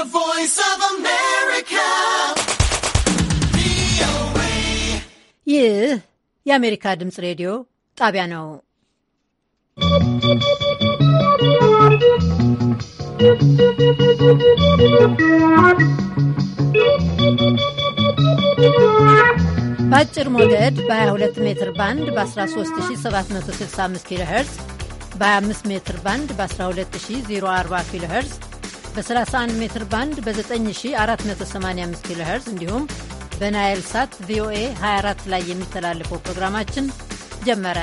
The Voice of America. ይህ የአሜሪካ ድምፅ ሬዲዮ ጣቢያ ነው። በአጭር ሞገድ በ22 ሜትር ባንድ በ13765 ኪሎ ሄርዝ በ25 ሜትር ባንድ በ12040 ኪሎ ሄርዝ በ31 ሜትር ባንድ በ9485 ኪሎ ሄርዝ እንዲሁም በናይል ሳት ቪኦኤ 24 ላይ የሚተላለፈው ፕሮግራማችን ጀመረ።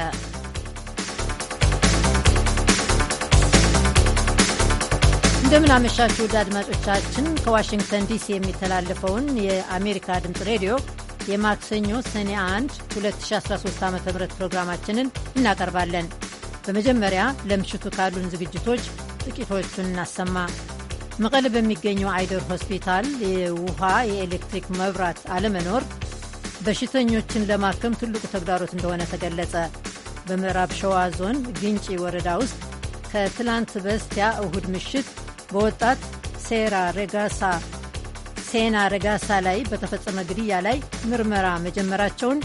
እንደምን አመሻችሁ ውድ አድማጮቻችን። ከዋሽንግተን ዲሲ የሚተላለፈውን የአሜሪካ ድምፅ ሬዲዮ የማክሰኞ ሰኔ 1 2013 ዓ ም ፕሮግራማችንን እናቀርባለን። በመጀመሪያ ለምሽቱ ካሉን ዝግጅቶች ጥቂቶቹን እናሰማ። መቀለ በሚገኘው አይደር ሆስፒታል የውሃ የኤሌክትሪክ መብራት አለመኖር በሽተኞችን ለማከም ትልቁ ተግዳሮት እንደሆነ ተገለጸ። በምዕራብ ሸዋ ዞን ግንጪ ወረዳ ውስጥ ከትላንት በስቲያ እሁድ ምሽት በወጣት ሴራ ረጋሳ ሴና ረጋሳ ላይ በተፈጸመ ግድያ ላይ ምርመራ መጀመራቸውን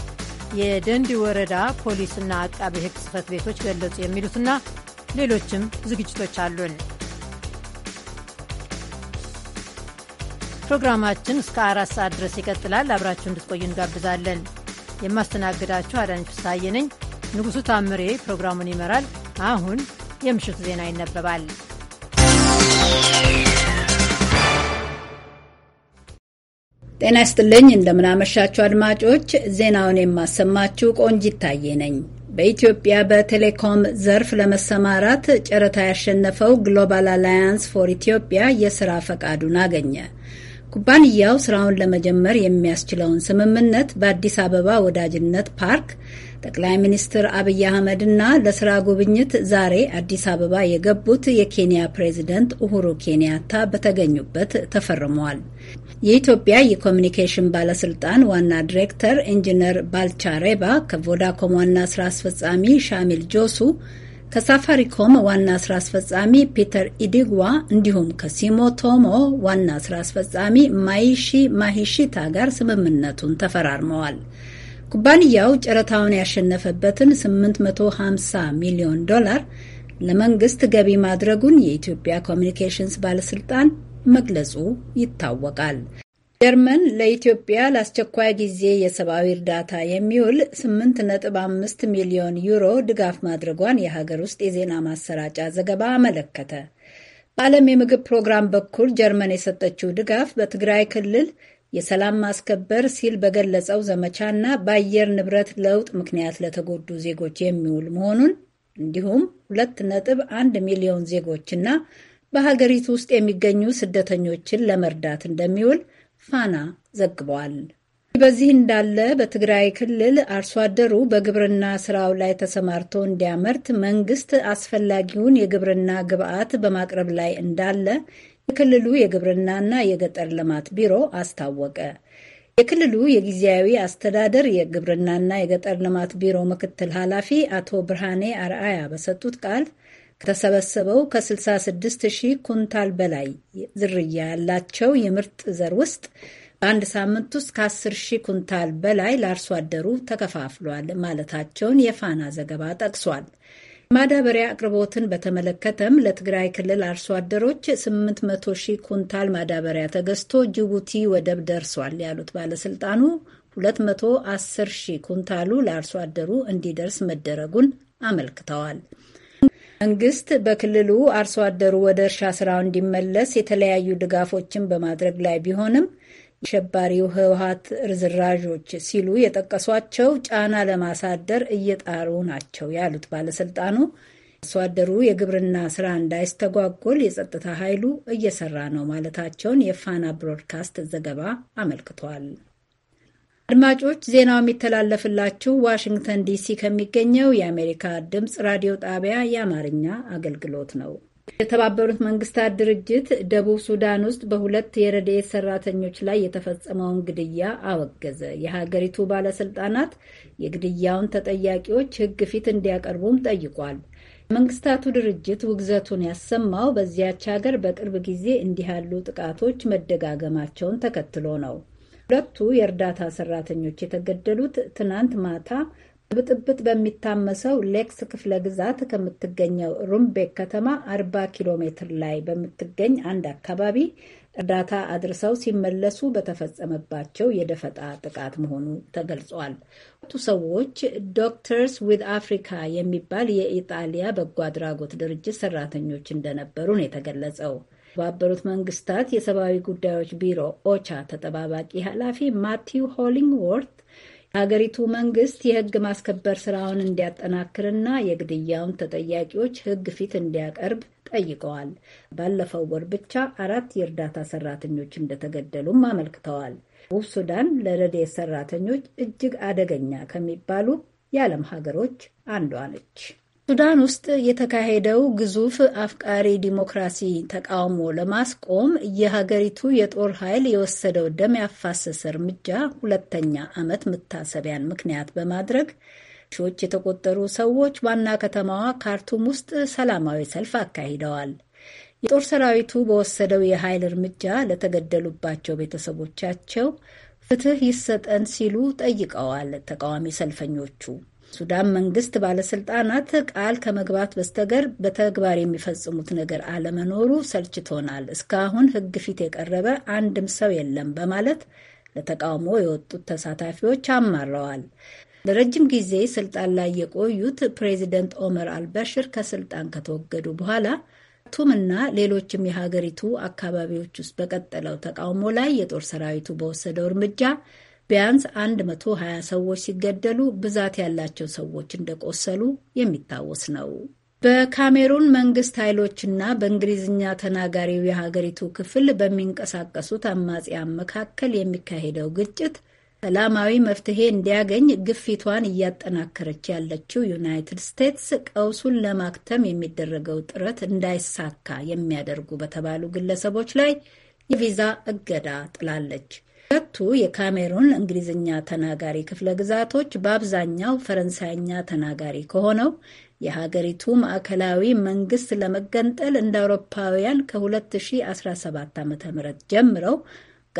የደንዲ ወረዳ ፖሊስና አቃቤ ሕግ ጽፈት ቤቶች ገለጹ። የሚሉትና ሌሎችም ዝግጅቶች አሉን። ፕሮግራማችን እስከ አራት ሰዓት ድረስ ይቀጥላል። አብራችሁ እንድትቆዩ እንጋብዛለን። የማስተናግዳችሁ አዳነች ፍስሐዬ ነኝ። ንጉሡ ታምሬ ፕሮግራሙን ይመራል። አሁን የምሽቱ ዜና ይነበባል። ጤና ይስጥልኝ። እንደምናመሻችሁ አድማጮች፣ ዜናውን የማሰማችሁ ቆንጅ ይታዬ ነኝ። በኢትዮጵያ በቴሌኮም ዘርፍ ለመሰማራት ጨረታ ያሸነፈው ግሎባል አላያንስ ፎር ኢትዮጵያ የሥራ ፈቃዱን አገኘ። ኩባንያው ስራውን ለመጀመር የሚያስችለውን ስምምነት በአዲስ አበባ ወዳጅነት ፓርክ ጠቅላይ ሚኒስትር አብይ አህመድና ለስራ ጉብኝት ዛሬ አዲስ አበባ የገቡት የኬንያ ፕሬዝደንት ኡሁሩ ኬንያታ በተገኙበት ተፈርሟል። የኢትዮጵያ የኮሚኒኬሽን ባለስልጣን ዋና ዲሬክተር ኢንጂነር ባልቻ ሬባ ከቮዳኮም ዋና ስራ አስፈጻሚ ሻሚል ጆሱ ከሳፋሪኮም ዋና ስራ አስፈጻሚ ፒተር ኢዲግዋ እንዲሁም ከሲሞቶሞ ዋና ስራ አስፈጻሚ ማይሺ ማሂሺታ ጋር ስምምነቱን ተፈራርመዋል። ኩባንያው ጨረታውን ያሸነፈበትን 850 ሚሊዮን ዶላር ለመንግስት ገቢ ማድረጉን የኢትዮጵያ ኮሚኒኬሽንስ ባለስልጣን መግለጹ ይታወቃል። ጀርመን ለኢትዮጵያ ለአስቸኳይ ጊዜ የሰብአዊ እርዳታ የሚውል 8.5 ሚሊዮን ዩሮ ድጋፍ ማድረጓን የሀገር ውስጥ የዜና ማሰራጫ ዘገባ አመለከተ። በዓለም የምግብ ፕሮግራም በኩል ጀርመን የሰጠችው ድጋፍ በትግራይ ክልል የሰላም ማስከበር ሲል በገለጸው ዘመቻና በአየር ንብረት ለውጥ ምክንያት ለተጎዱ ዜጎች የሚውል መሆኑን እንዲሁም 2.1 ሚሊዮን ዜጎችና በሀገሪቱ ውስጥ የሚገኙ ስደተኞችን ለመርዳት እንደሚውል ፋና ዘግቧል። በዚህ እንዳለ በትግራይ ክልል አርሶ አደሩ በግብርና ስራው ላይ ተሰማርቶ እንዲያመርት መንግስት አስፈላጊውን የግብርና ግብዓት በማቅረብ ላይ እንዳለ የክልሉ የግብርናና የገጠር ልማት ቢሮ አስታወቀ። የክልሉ የጊዜያዊ አስተዳደር የግብርናና የገጠር ልማት ቢሮ ምክትል ኃላፊ አቶ ብርሃኔ አርአያ በሰጡት ቃል ከተሰበሰበው ከ66 ሺህ ኩንታል በላይ ዝርያ ያላቸው የምርጥ ዘር ውስጥ በአንድ ሳምንት ውስጥ ከ10 ሺህ ኩንታል በላይ ለአርሶ አደሩ ተከፋፍሏል ማለታቸውን የፋና ዘገባ ጠቅሷል። ማዳበሪያ አቅርቦትን በተመለከተም ለትግራይ ክልል አርሶ አደሮች 800 ሺህ ኩንታል ማዳበሪያ ተገዝቶ ጅቡቲ ወደብ ደርሷል ያሉት ባለስልጣኑ 210 ሺህ ኩንታሉ ለአርሶ አደሩ እንዲደርስ መደረጉን አመልክተዋል። መንግስት በክልሉ አርሶ አደሩ ወደ እርሻ ስራው እንዲመለስ የተለያዩ ድጋፎችን በማድረግ ላይ ቢሆንም የአሸባሪው ህወሀት ርዝራዦች ሲሉ የጠቀሷቸው ጫና ለማሳደር እየጣሩ ናቸው ያሉት ባለስልጣኑ አርሶ አደሩ የግብርና ስራ እንዳይስተጓጎል የጸጥታ ኃይሉ እየሰራ ነው ማለታቸውን የፋና ብሮድካስት ዘገባ አመልክቷል። አድማጮች ዜናው የሚተላለፍላችሁ ዋሽንግተን ዲሲ ከሚገኘው የአሜሪካ ድምፅ ራዲዮ ጣቢያ የአማርኛ አገልግሎት ነው። የተባበሩት መንግስታት ድርጅት ደቡብ ሱዳን ውስጥ በሁለት የረድኤት ሰራተኞች ላይ የተፈጸመውን ግድያ አወገዘ። የሀገሪቱ ባለስልጣናት የግድያውን ተጠያቂዎች ሕግ ፊት እንዲያቀርቡም ጠይቋል። መንግስታቱ ድርጅት ውግዘቱን ያሰማው በዚያች ሀገር በቅርብ ጊዜ እንዲህ ያሉ ጥቃቶች መደጋገማቸውን ተከትሎ ነው። ሁለቱ የእርዳታ ሰራተኞች የተገደሉት ትናንት ማታ ብጥብጥ በሚታመሰው ሌክስ ክፍለ ግዛት ከምትገኘው ሩምቤክ ከተማ 40 ኪሎ ሜትር ላይ በምትገኝ አንድ አካባቢ እርዳታ አድርሰው ሲመለሱ በተፈጸመባቸው የደፈጣ ጥቃት መሆኑ ተገልጿል። ሁለቱ ሰዎች ዶክተርስ ዊዝ አፍሪካ የሚባል የኢጣሊያ በጎ አድራጎት ድርጅት ሰራተኞች እንደነበሩ ነው የተገለጸው። የተባበሩት መንግስታት የሰብአዊ ጉዳዮች ቢሮ ኦቻ ተጠባባቂ ኃላፊ ማቲው ሆሊንግዎርት የሀገሪቱ መንግስት የህግ ማስከበር ስራውን እንዲያጠናክርና የግድያውን ተጠያቂዎች ህግ ፊት እንዲያቀርብ ጠይቀዋል። ባለፈው ወር ብቻ አራት የእርዳታ ሰራተኞች እንደተገደሉም አመልክተዋል። ደቡብ ሱዳን ለረድኤት ሰራተኞች እጅግ አደገኛ ከሚባሉ የዓለም ሀገሮች አንዷ ነች። ሱዳን ውስጥ የተካሄደው ግዙፍ አፍቃሪ ዲሞክራሲ ተቃውሞ ለማስቆም የሀገሪቱ የጦር ኃይል የወሰደው ደም ያፋሰሰ እርምጃ ሁለተኛ ዓመት መታሰቢያን ምክንያት በማድረግ ሺዎች የተቆጠሩ ሰዎች ዋና ከተማዋ ካርቱም ውስጥ ሰላማዊ ሰልፍ አካሂደዋል። የጦር ሰራዊቱ በወሰደው የኃይል እርምጃ ለተገደሉባቸው ቤተሰቦቻቸው ፍትህ ይሰጠን ሲሉ ጠይቀዋል ተቃዋሚ ሰልፈኞቹ። ሱዳን መንግስት ባለስልጣናት ቃል ከመግባት በስተገር በተግባር የሚፈጽሙት ነገር አለመኖሩ ሰልችቶናል፣ እስካሁን ህግ ፊት የቀረበ አንድም ሰው የለም በማለት ለተቃውሞ የወጡት ተሳታፊዎች አማረዋል። ለረጅም ጊዜ ስልጣን ላይ የቆዩት ፕሬዚደንት ኦመር አልበሽር ከስልጣን ከተወገዱ በኋላ ቱምና ሌሎችም የሀገሪቱ አካባቢዎች ውስጥ በቀጠለው ተቃውሞ ላይ የጦር ሰራዊቱ በወሰደው እርምጃ ቢያንስ 120 ሰዎች ሲገደሉ ብዛት ያላቸው ሰዎች እንደቆሰሉ የሚታወስ ነው። በካሜሩን መንግስት ኃይሎችና በእንግሊዝኛ ተናጋሪው የሀገሪቱ ክፍል በሚንቀሳቀሱት አማጽያን መካከል የሚካሄደው ግጭት ሰላማዊ መፍትሄ እንዲያገኝ ግፊቷን እያጠናከረች ያለችው ዩናይትድ ስቴትስ ቀውሱን ለማክተም የሚደረገው ጥረት እንዳይሳካ የሚያደርጉ በተባሉ ግለሰቦች ላይ የቪዛ እገዳ ጥላለች። ሁለቱ የካሜሩን እንግሊዝኛ ተናጋሪ ክፍለ ግዛቶች በአብዛኛው ፈረንሳይኛ ተናጋሪ ከሆነው የሀገሪቱ ማዕከላዊ መንግስት ለመገንጠል እንደ አውሮፓውያን ከ2017 ዓ ም ጀምረው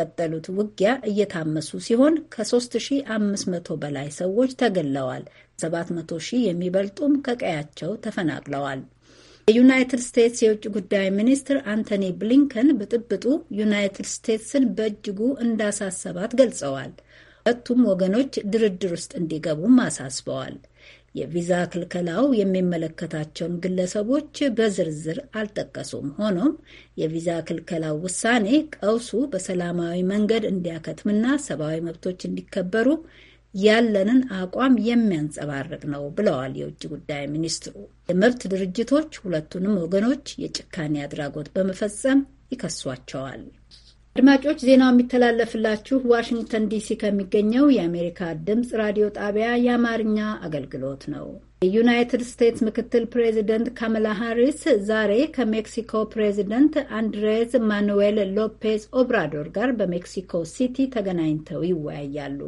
ቀጠሉት ውጊያ እየታመሱ ሲሆን ከ3500 በላይ ሰዎች ተገለዋል። 700 ሺህ የሚበልጡም ከቀያቸው ተፈናቅለዋል። የዩናይትድ ስቴትስ የውጭ ጉዳይ ሚኒስትር አንቶኒ ብሊንከን ብጥብጡ ዩናይትድ ስቴትስን በእጅጉ እንዳሳሰባት ገልጸዋል። ሁለቱም ወገኖች ድርድር ውስጥ እንዲገቡም አሳስበዋል። የቪዛ ክልከላው የሚመለከታቸውን ግለሰቦች በዝርዝር አልጠቀሱም። ሆኖም የቪዛ ክልከላው ውሳኔ ቀውሱ በሰላማዊ መንገድ እንዲያከትምና ሰብአዊ መብቶች እንዲከበሩ ያለንን አቋም የሚያንጸባርቅ ነው ብለዋል የውጭ ጉዳይ ሚኒስትሩ። የመብት ድርጅቶች ሁለቱንም ወገኖች የጭካኔ አድራጎት በመፈጸም ይከሷቸዋል። አድማጮች ዜናው የሚተላለፍላችሁ ዋሽንግተን ዲሲ ከሚገኘው የአሜሪካ ድምፅ ራዲዮ ጣቢያ የአማርኛ አገልግሎት ነው። የዩናይትድ ስቴትስ ምክትል ፕሬዚደንት ካማላ ሃሪስ ዛሬ ከሜክሲኮ ፕሬዚደንት አንድሬዝ ማኑዌል ሎፔዝ ኦብራዶር ጋር በሜክሲኮ ሲቲ ተገናኝተው ይወያያሉ።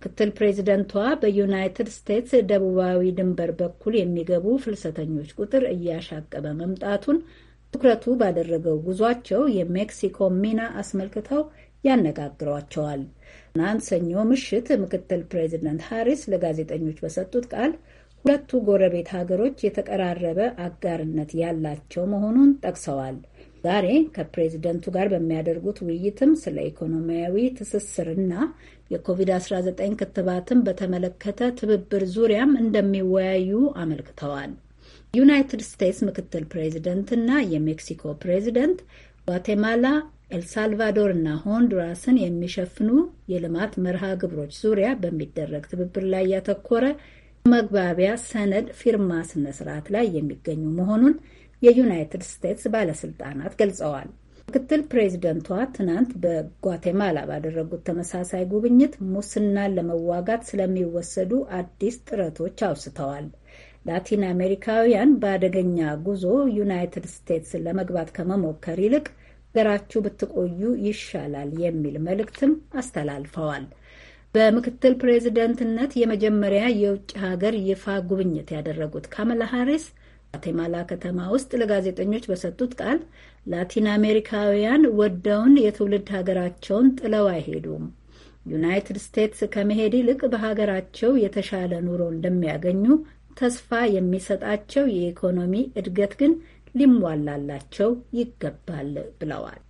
ምክትል ፕሬዚደንቷ በዩናይትድ ስቴትስ ደቡባዊ ድንበር በኩል የሚገቡ ፍልሰተኞች ቁጥር እያሻቀበ መምጣቱን ትኩረቱ ባደረገው ጉዟቸው የሜክሲኮ ሚና አስመልክተው ያነጋግሯቸዋል። ትናንት ሰኞ ምሽት ምክትል ፕሬዚደንት ሃሪስ ለጋዜጠኞች በሰጡት ቃል ሁለቱ ጎረቤት ሀገሮች የተቀራረበ አጋርነት ያላቸው መሆኑን ጠቅሰዋል። ዛሬ ከፕሬዚደንቱ ጋር በሚያደርጉት ውይይትም ስለ ኢኮኖሚያዊ ትስስርና የኮቪድ-19 ክትባትን በተመለከተ ትብብር ዙሪያም እንደሚወያዩ አመልክተዋል። ዩናይትድ ስቴትስ ምክትል ፕሬዚደንት እና የሜክሲኮ ፕሬዚደንት ጓቴማላ፣ ኤልሳልቫዶር እና ሆንዱራስን የሚሸፍኑ የልማት መርሃ ግብሮች ዙሪያ በሚደረግ ትብብር ላይ ያተኮረ መግባቢያ ሰነድ ፊርማ ስነ ስርዓት ላይ የሚገኙ መሆኑን የዩናይትድ ስቴትስ ባለስልጣናት ገልጸዋል። ምክትል ፕሬዚደንቷ ትናንት በጓቴማላ ባደረጉት ተመሳሳይ ጉብኝት ሙስናን ለመዋጋት ስለሚወሰዱ አዲስ ጥረቶች አውስተዋል። ላቲን አሜሪካውያን በአደገኛ ጉዞ ዩናይትድ ስቴትስ ለመግባት ከመሞከር ይልቅ ገራችሁ ብትቆዩ ይሻላል የሚል መልእክትም አስተላልፈዋል። በምክትል ፕሬዚደንትነት የመጀመሪያ የውጭ ሀገር ይፋ ጉብኝት ያደረጉት ካመላ ሃሪስ ጓቴማላ ከተማ ውስጥ ለጋዜጠኞች በሰጡት ቃል ላቲን አሜሪካውያን ወደውን የትውልድ ሀገራቸውን ጥለው አይሄዱም። ዩናይትድ ስቴትስ ከመሄድ ይልቅ በሀገራቸው የተሻለ ኑሮ እንደሚያገኙ ተስፋ የሚሰጣቸው የኢኮኖሚ እድገት ግን ሊሟላላቸው ይገባል ብለዋል።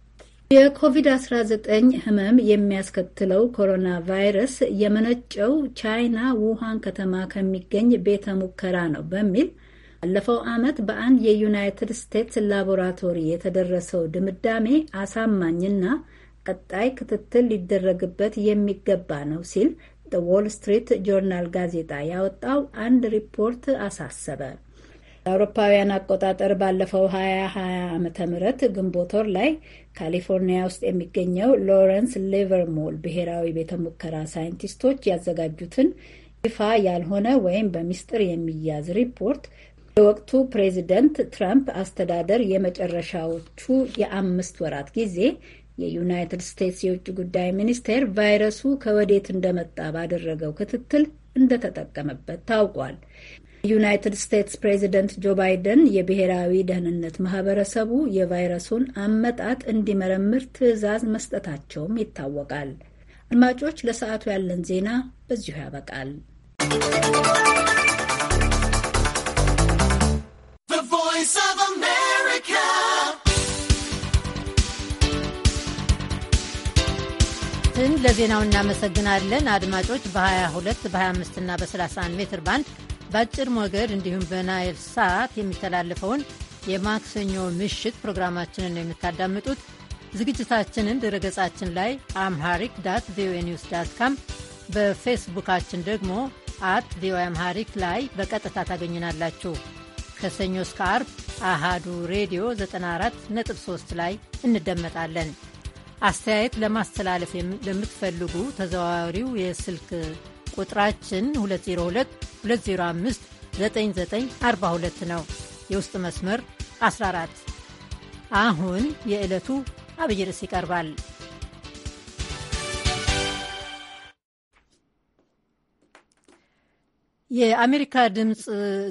የኮቪድ-19 ህመም የሚያስከትለው ኮሮና ቫይረስ የመነጨው ቻይና ውሃን ከተማ ከሚገኝ ቤተ ሙከራ ነው በሚል ባለፈው ዓመት በአንድ የዩናይትድ ስቴትስ ላቦራቶሪ የተደረሰው ድምዳሜ አሳማኝና ቀጣይ ክትትል ሊደረግበት የሚገባ ነው ሲል ዋል ስትሪት ጆርናል ጋዜጣ ያወጣው አንድ ሪፖርት አሳሰበ። አውሮፓውያን አቆጣጠር ባለፈው 2020 ዓ ም ግንቦት ወር ላይ ካሊፎርኒያ ውስጥ የሚገኘው ሎረንስ ሊቨርሞል ብሔራዊ ቤተ ሙከራ ሳይንቲስቶች ያዘጋጁትን ይፋ ያልሆነ ወይም በሚስጥር የሚያዝ ሪፖርት የወቅቱ ፕሬዚደንት ትራምፕ አስተዳደር የመጨረሻዎቹ የአምስት ወራት ጊዜ የዩናይትድ ስቴትስ የውጭ ጉዳይ ሚኒስቴር ቫይረሱ ከወዴት እንደመጣ ባደረገው ክትትል እንደተጠቀመበት ታውቋል። ዩናይትድ ስቴትስ ፕሬዚደንት ጆ ባይደን የብሔራዊ ደህንነት ማህበረሰቡ የቫይረሱን አመጣጥ እንዲመረምር ትዕዛዝ መስጠታቸውም ይታወቃል። አድማጮች፣ ለሰዓቱ ያለን ዜና በዚሁ ያበቃል። አስማትን ለዜናው እናመሰግናለን። አድማጮች በ22 በ25ና በ31 ሜትር ባንድ በአጭር ሞገድ እንዲሁም በናይል ሳት የሚተላለፈውን የማክሰኞ ምሽት ፕሮግራማችንን ነው የምታዳምጡት። ዝግጅታችንን ድረገጻችን ላይ አምሃሪክ ዳት ቪኦኤ ኒውስ ዳት ካም በፌስቡካችን ደግሞ አት ቪኦኤ አምሃሪክ ላይ በቀጥታ ታገኝናላችሁ። ከሰኞ እስከ አርብ አሃዱ ሬዲዮ 94.3 ላይ እንደመጣለን። አስተያየት ለማስተላለፍ ለምትፈልጉ ተዘዋዋሪው የስልክ ቁጥራችን 2022059942 ነው። የውስጥ መስመር 14። አሁን የዕለቱ አብይ ርዕስ ይቀርባል። የአሜሪካ ድምፅ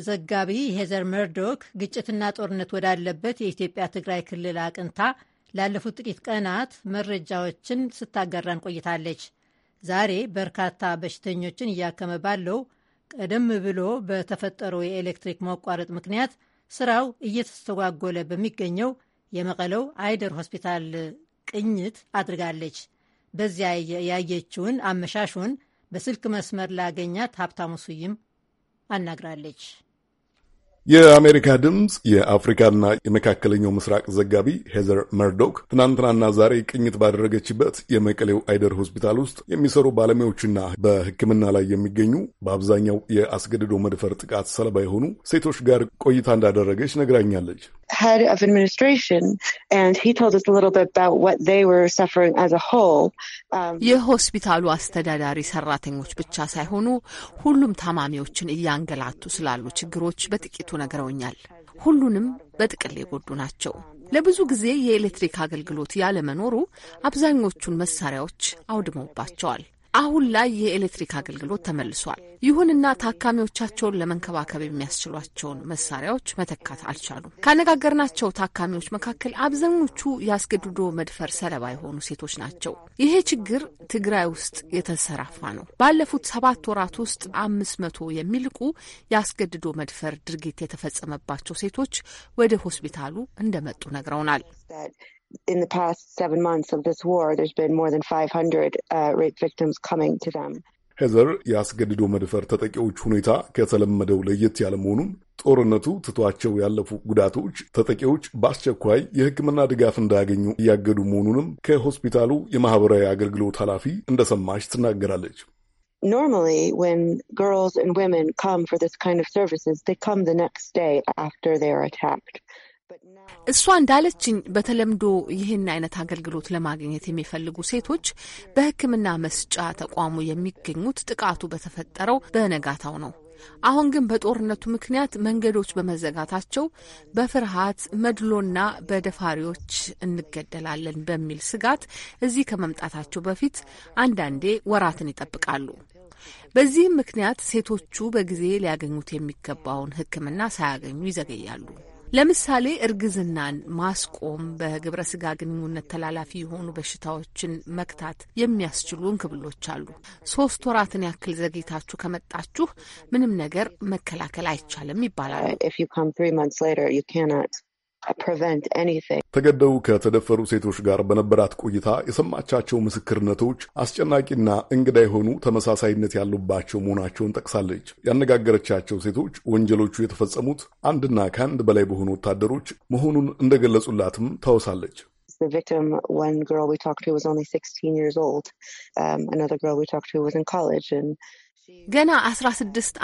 ዘጋቢ ሄዘር መርዶክ ግጭትና ጦርነት ወዳለበት የኢትዮጵያ ትግራይ ክልል አቅንታ ላለፉት ጥቂት ቀናት መረጃዎችን ስታጋራን ቆይታለች። ዛሬ በርካታ በሽተኞችን እያከመ ባለው ቀደም ብሎ በተፈጠረው የኤሌክትሪክ መቋረጥ ምክንያት ስራው እየተስተጓጎለ በሚገኘው የመቀለው አይደር ሆስፒታል ቅኝት አድርጋለች። በዚያ ያየችውን አመሻሹን በስልክ መስመር ላገኛት ሀብታሙ ስዩም አናግራለች። የአሜሪካ ድምፅ የአፍሪካና የመካከለኛው ምስራቅ ዘጋቢ ሄዘር መርዶክ ትናንትናና ዛሬ ቅኝት ባደረገችበት የመቀሌው አይደር ሆስፒታል ውስጥ የሚሰሩ ባለሙያዎችና በሕክምና ላይ የሚገኙ በአብዛኛው የአስገድዶ መድፈር ጥቃት ሰለባ የሆኑ ሴቶች ጋር ቆይታ እንዳደረገች ነግራኛለች። የሆስፒታሉ አስተዳዳሪ ሰራተኞች ብቻ ሳይሆኑ ሁሉም ታማሚዎችን እያንገላቱ ስላሉ ችግሮች በጥቂቱ ነግረውኛል። ሁሉንም በጥቅል የጎዱ ናቸው። ለብዙ ጊዜ የኤሌክትሪክ አገልግሎት ያለመኖሩ አብዛኞቹን መሳሪያዎች አውድመውባቸዋል። አሁን ላይ የኤሌክትሪክ አገልግሎት ተመልሷል። ይሁንና ታካሚዎቻቸውን ለመንከባከብ የሚያስችሏቸውን መሳሪያዎች መተካት አልቻሉም። ካነጋገርናቸው ታካሚዎች መካከል አብዛኞቹ የአስገድዶ መድፈር ሰለባ የሆኑ ሴቶች ናቸው። ይሄ ችግር ትግራይ ውስጥ የተንሰራፋ ነው። ባለፉት ሰባት ወራት ውስጥ አምስት መቶ የሚልቁ የአስገድዶ መድፈር ድርጊት የተፈጸመባቸው ሴቶች ወደ ሆስፒታሉ እንደመጡ ነግረውናል። in the past seven months of this war, there's been more than 500 uh, rape victims coming to them. ሄዘር የአስገድዶ መድፈር ተጠቂዎች ሁኔታ ከተለመደው ለየት ያለ መሆኑን፣ ጦርነቱ ትቷቸው ያለፉ ጉዳቶች ተጠቂዎች በአስቸኳይ የሕክምና ድጋፍ እንዳያገኙ እያገዱ መሆኑንም ከሆስፒታሉ የማህበራዊ አገልግሎት ኃላፊ እንደሰማች ትናገራለች። Normally, when girls and women come for this kind of services, they come the next day after they are attacked. እሷ እንዳለችኝ በተለምዶ ይህን አይነት አገልግሎት ለማግኘት የሚፈልጉ ሴቶች በሕክምና መስጫ ተቋሙ የሚገኙት ጥቃቱ በተፈጠረው በነጋታው ነው። አሁን ግን በጦርነቱ ምክንያት መንገዶች በመዘጋታቸው በፍርሃት መድሎና በደፋሪዎች እንገደላለን በሚል ስጋት እዚህ ከመምጣታቸው በፊት አንዳንዴ ወራትን ይጠብቃሉ። በዚህም ምክንያት ሴቶቹ በጊዜ ሊያገኙት የሚገባውን ሕክምና ሳያገኙ ይዘገያሉ። ለምሳሌ እርግዝናን ማስቆም፣ በግብረ ስጋ ግንኙነት ተላላፊ የሆኑ በሽታዎችን መክታት የሚያስችሉ እንክብሎች አሉ። ሶስት ወራትን ያክል ዘግይታችሁ ከመጣችሁ ምንም ነገር መከላከል አይቻልም ይባላል። uh, ተገደው ከተደፈሩ ሴቶች ጋር በነበራት ቆይታ የሰማቻቸው ምስክርነቶች አስጨናቂና እንግዳ የሆኑ ተመሳሳይነት ያሉባቸው መሆናቸውን ጠቅሳለች። ያነጋገረቻቸው ሴቶች ወንጀሎቹ የተፈጸሙት አንድና ከአንድ በላይ በሆኑ ወታደሮች መሆኑን እንደገለጹላትም ታወሳለች። ገና አስራ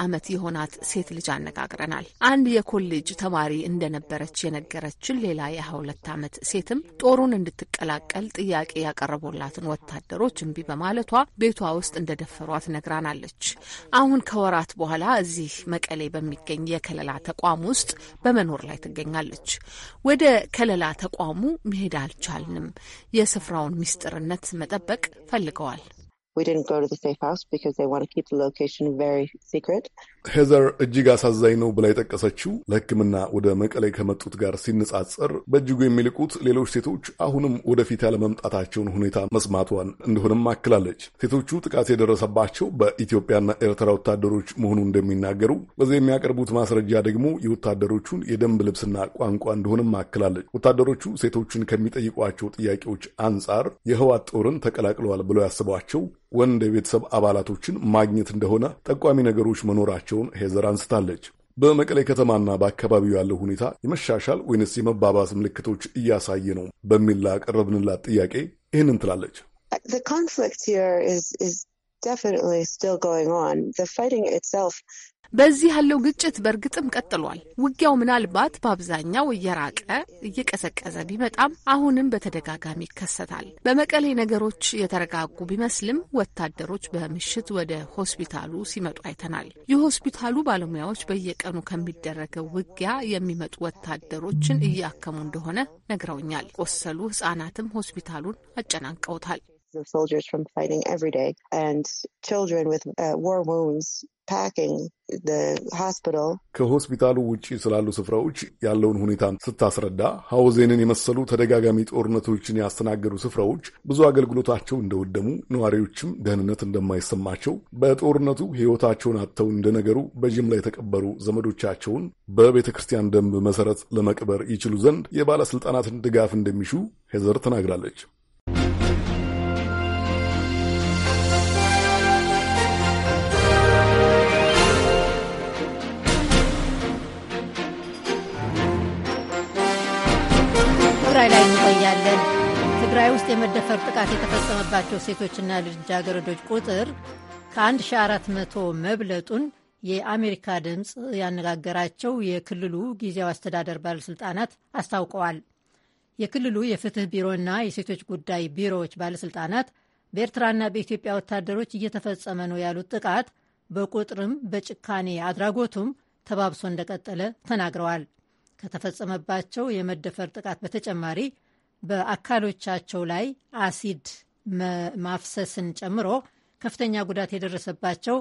ዓመት የሆናት ሴት ልጅ አነጋግረናል። አንድ የኮሌጅ ተማሪ እንደነበረች የነገረችን ሌላ የ22 ዓመት ሴትም ጦሩን እንድትቀላቀል ጥያቄ ያቀረቡላትን ወታደሮች እምቢ በማለቷ ቤቷ ውስጥ እንደደፈሯት ነግራናለች። አሁን ከወራት በኋላ እዚህ መቀሌ በሚገኝ የከለላ ተቋም ውስጥ በመኖር ላይ ትገኛለች። ወደ ከለላ ተቋሙ መሄድ አልቻልንም። የስፍራውን ምስጢርነት መጠበቅ ፈልገዋል። we didn't go to the safe house because they want to keep the location very secret. ሄዘር እጅግ አሳዛኝ ነው ብላ የጠቀሰችው ለሕክምና ወደ መቀሌ ከመጡት ጋር ሲነጻጸር በእጅጉ የሚልቁት ሌሎች ሴቶች አሁንም ወደፊት ያለመምጣታቸውን ሁኔታ መስማቷን እንደሆነም አክላለች። ሴቶቹ ጥቃት የደረሰባቸው በኢትዮጵያና ኤርትራ ወታደሮች መሆኑ እንደሚናገሩ በዚህ የሚያቀርቡት ማስረጃ ደግሞ የወታደሮቹን የደንብ ልብስና ቋንቋ እንደሆነም አክላለች። ወታደሮቹ ሴቶችን ከሚጠይቋቸው ጥያቄዎች አንጻር የህዋት ጦርን ተቀላቅለዋል ብለው ያስቧቸው ወንድ የቤተሰብ አባላቶችን ማግኘት እንደሆነ ጠቋሚ ነገሮች መኖራቸው መሆናቸውን ሄዘር አንስታለች። በመቀሌ ከተማና በአካባቢው ያለው ሁኔታ የመሻሻል ወይንስ የመባባስ ምልክቶች እያሳየ ነው በሚል ላቀረብንላት ጥያቄ ይህንን ትላለች። በዚህ ያለው ግጭት በእርግጥም ቀጥሏል። ውጊያው ምናልባት በአብዛኛው እየራቀ እየቀዘቀዘ ቢመጣም አሁንም በተደጋጋሚ ይከሰታል። በመቀሌ ነገሮች የተረጋጉ ቢመስልም ወታደሮች በምሽት ወደ ሆስፒታሉ ሲመጡ አይተናል። የሆስፒታሉ ባለሙያዎች በየቀኑ ከሚደረገው ውጊያ የሚመጡ ወታደሮችን እያከሙ እንደሆነ ነግረውኛል። ቆሰሉ ህጻናትም ሆስፒታሉን አጨናንቀውታል። of soldiers from fighting every day and children with uh, war wounds packing the hospital. ከሆስፒታሉ ውጪ ስላሉ ስፍራዎች ያለውን ሁኔታ ስታስረዳ ሐውዜንን የመሰሉ ተደጋጋሚ ጦርነቶችን ያስተናገዱ ስፍራዎች ብዙ አገልግሎታቸው እንደወደሙ፣ ነዋሪዎችም ደህንነት እንደማይሰማቸው፣ በጦርነቱ ህይወታቸውን አጥተው እንደነገሩ በጅምላ የተቀበሩ ዘመዶቻቸውን በቤተ ክርስቲያን ደንብ መሰረት ለመቅበር ይችሉ ዘንድ የባለስልጣናትን ድጋፍ እንደሚሹ ሄዘር ተናግራለች። ትግራይ ውስጥ የመደፈር ጥቃት የተፈጸመባቸው ሴቶችና ልጃገረዶች ቁጥር ከ1400 መብለጡን የአሜሪካ ድምፅ ያነጋገራቸው የክልሉ ጊዜያዊ አስተዳደር ባለሥልጣናት አስታውቀዋል። የክልሉ የፍትህ ቢሮና የሴቶች ጉዳይ ቢሮዎች ባለሥልጣናት በኤርትራና በኢትዮጵያ ወታደሮች እየተፈጸመ ነው ያሉት ጥቃት በቁጥርም በጭካኔ አድራጎቱም ተባብሶ እንደቀጠለ ተናግረዋል። ከተፈጸመባቸው የመደፈር ጥቃት በተጨማሪ በአካሎቻቸው ላይ አሲድ ማፍሰስን ጨምሮ ከፍተኛ ጉዳት የደረሰባቸው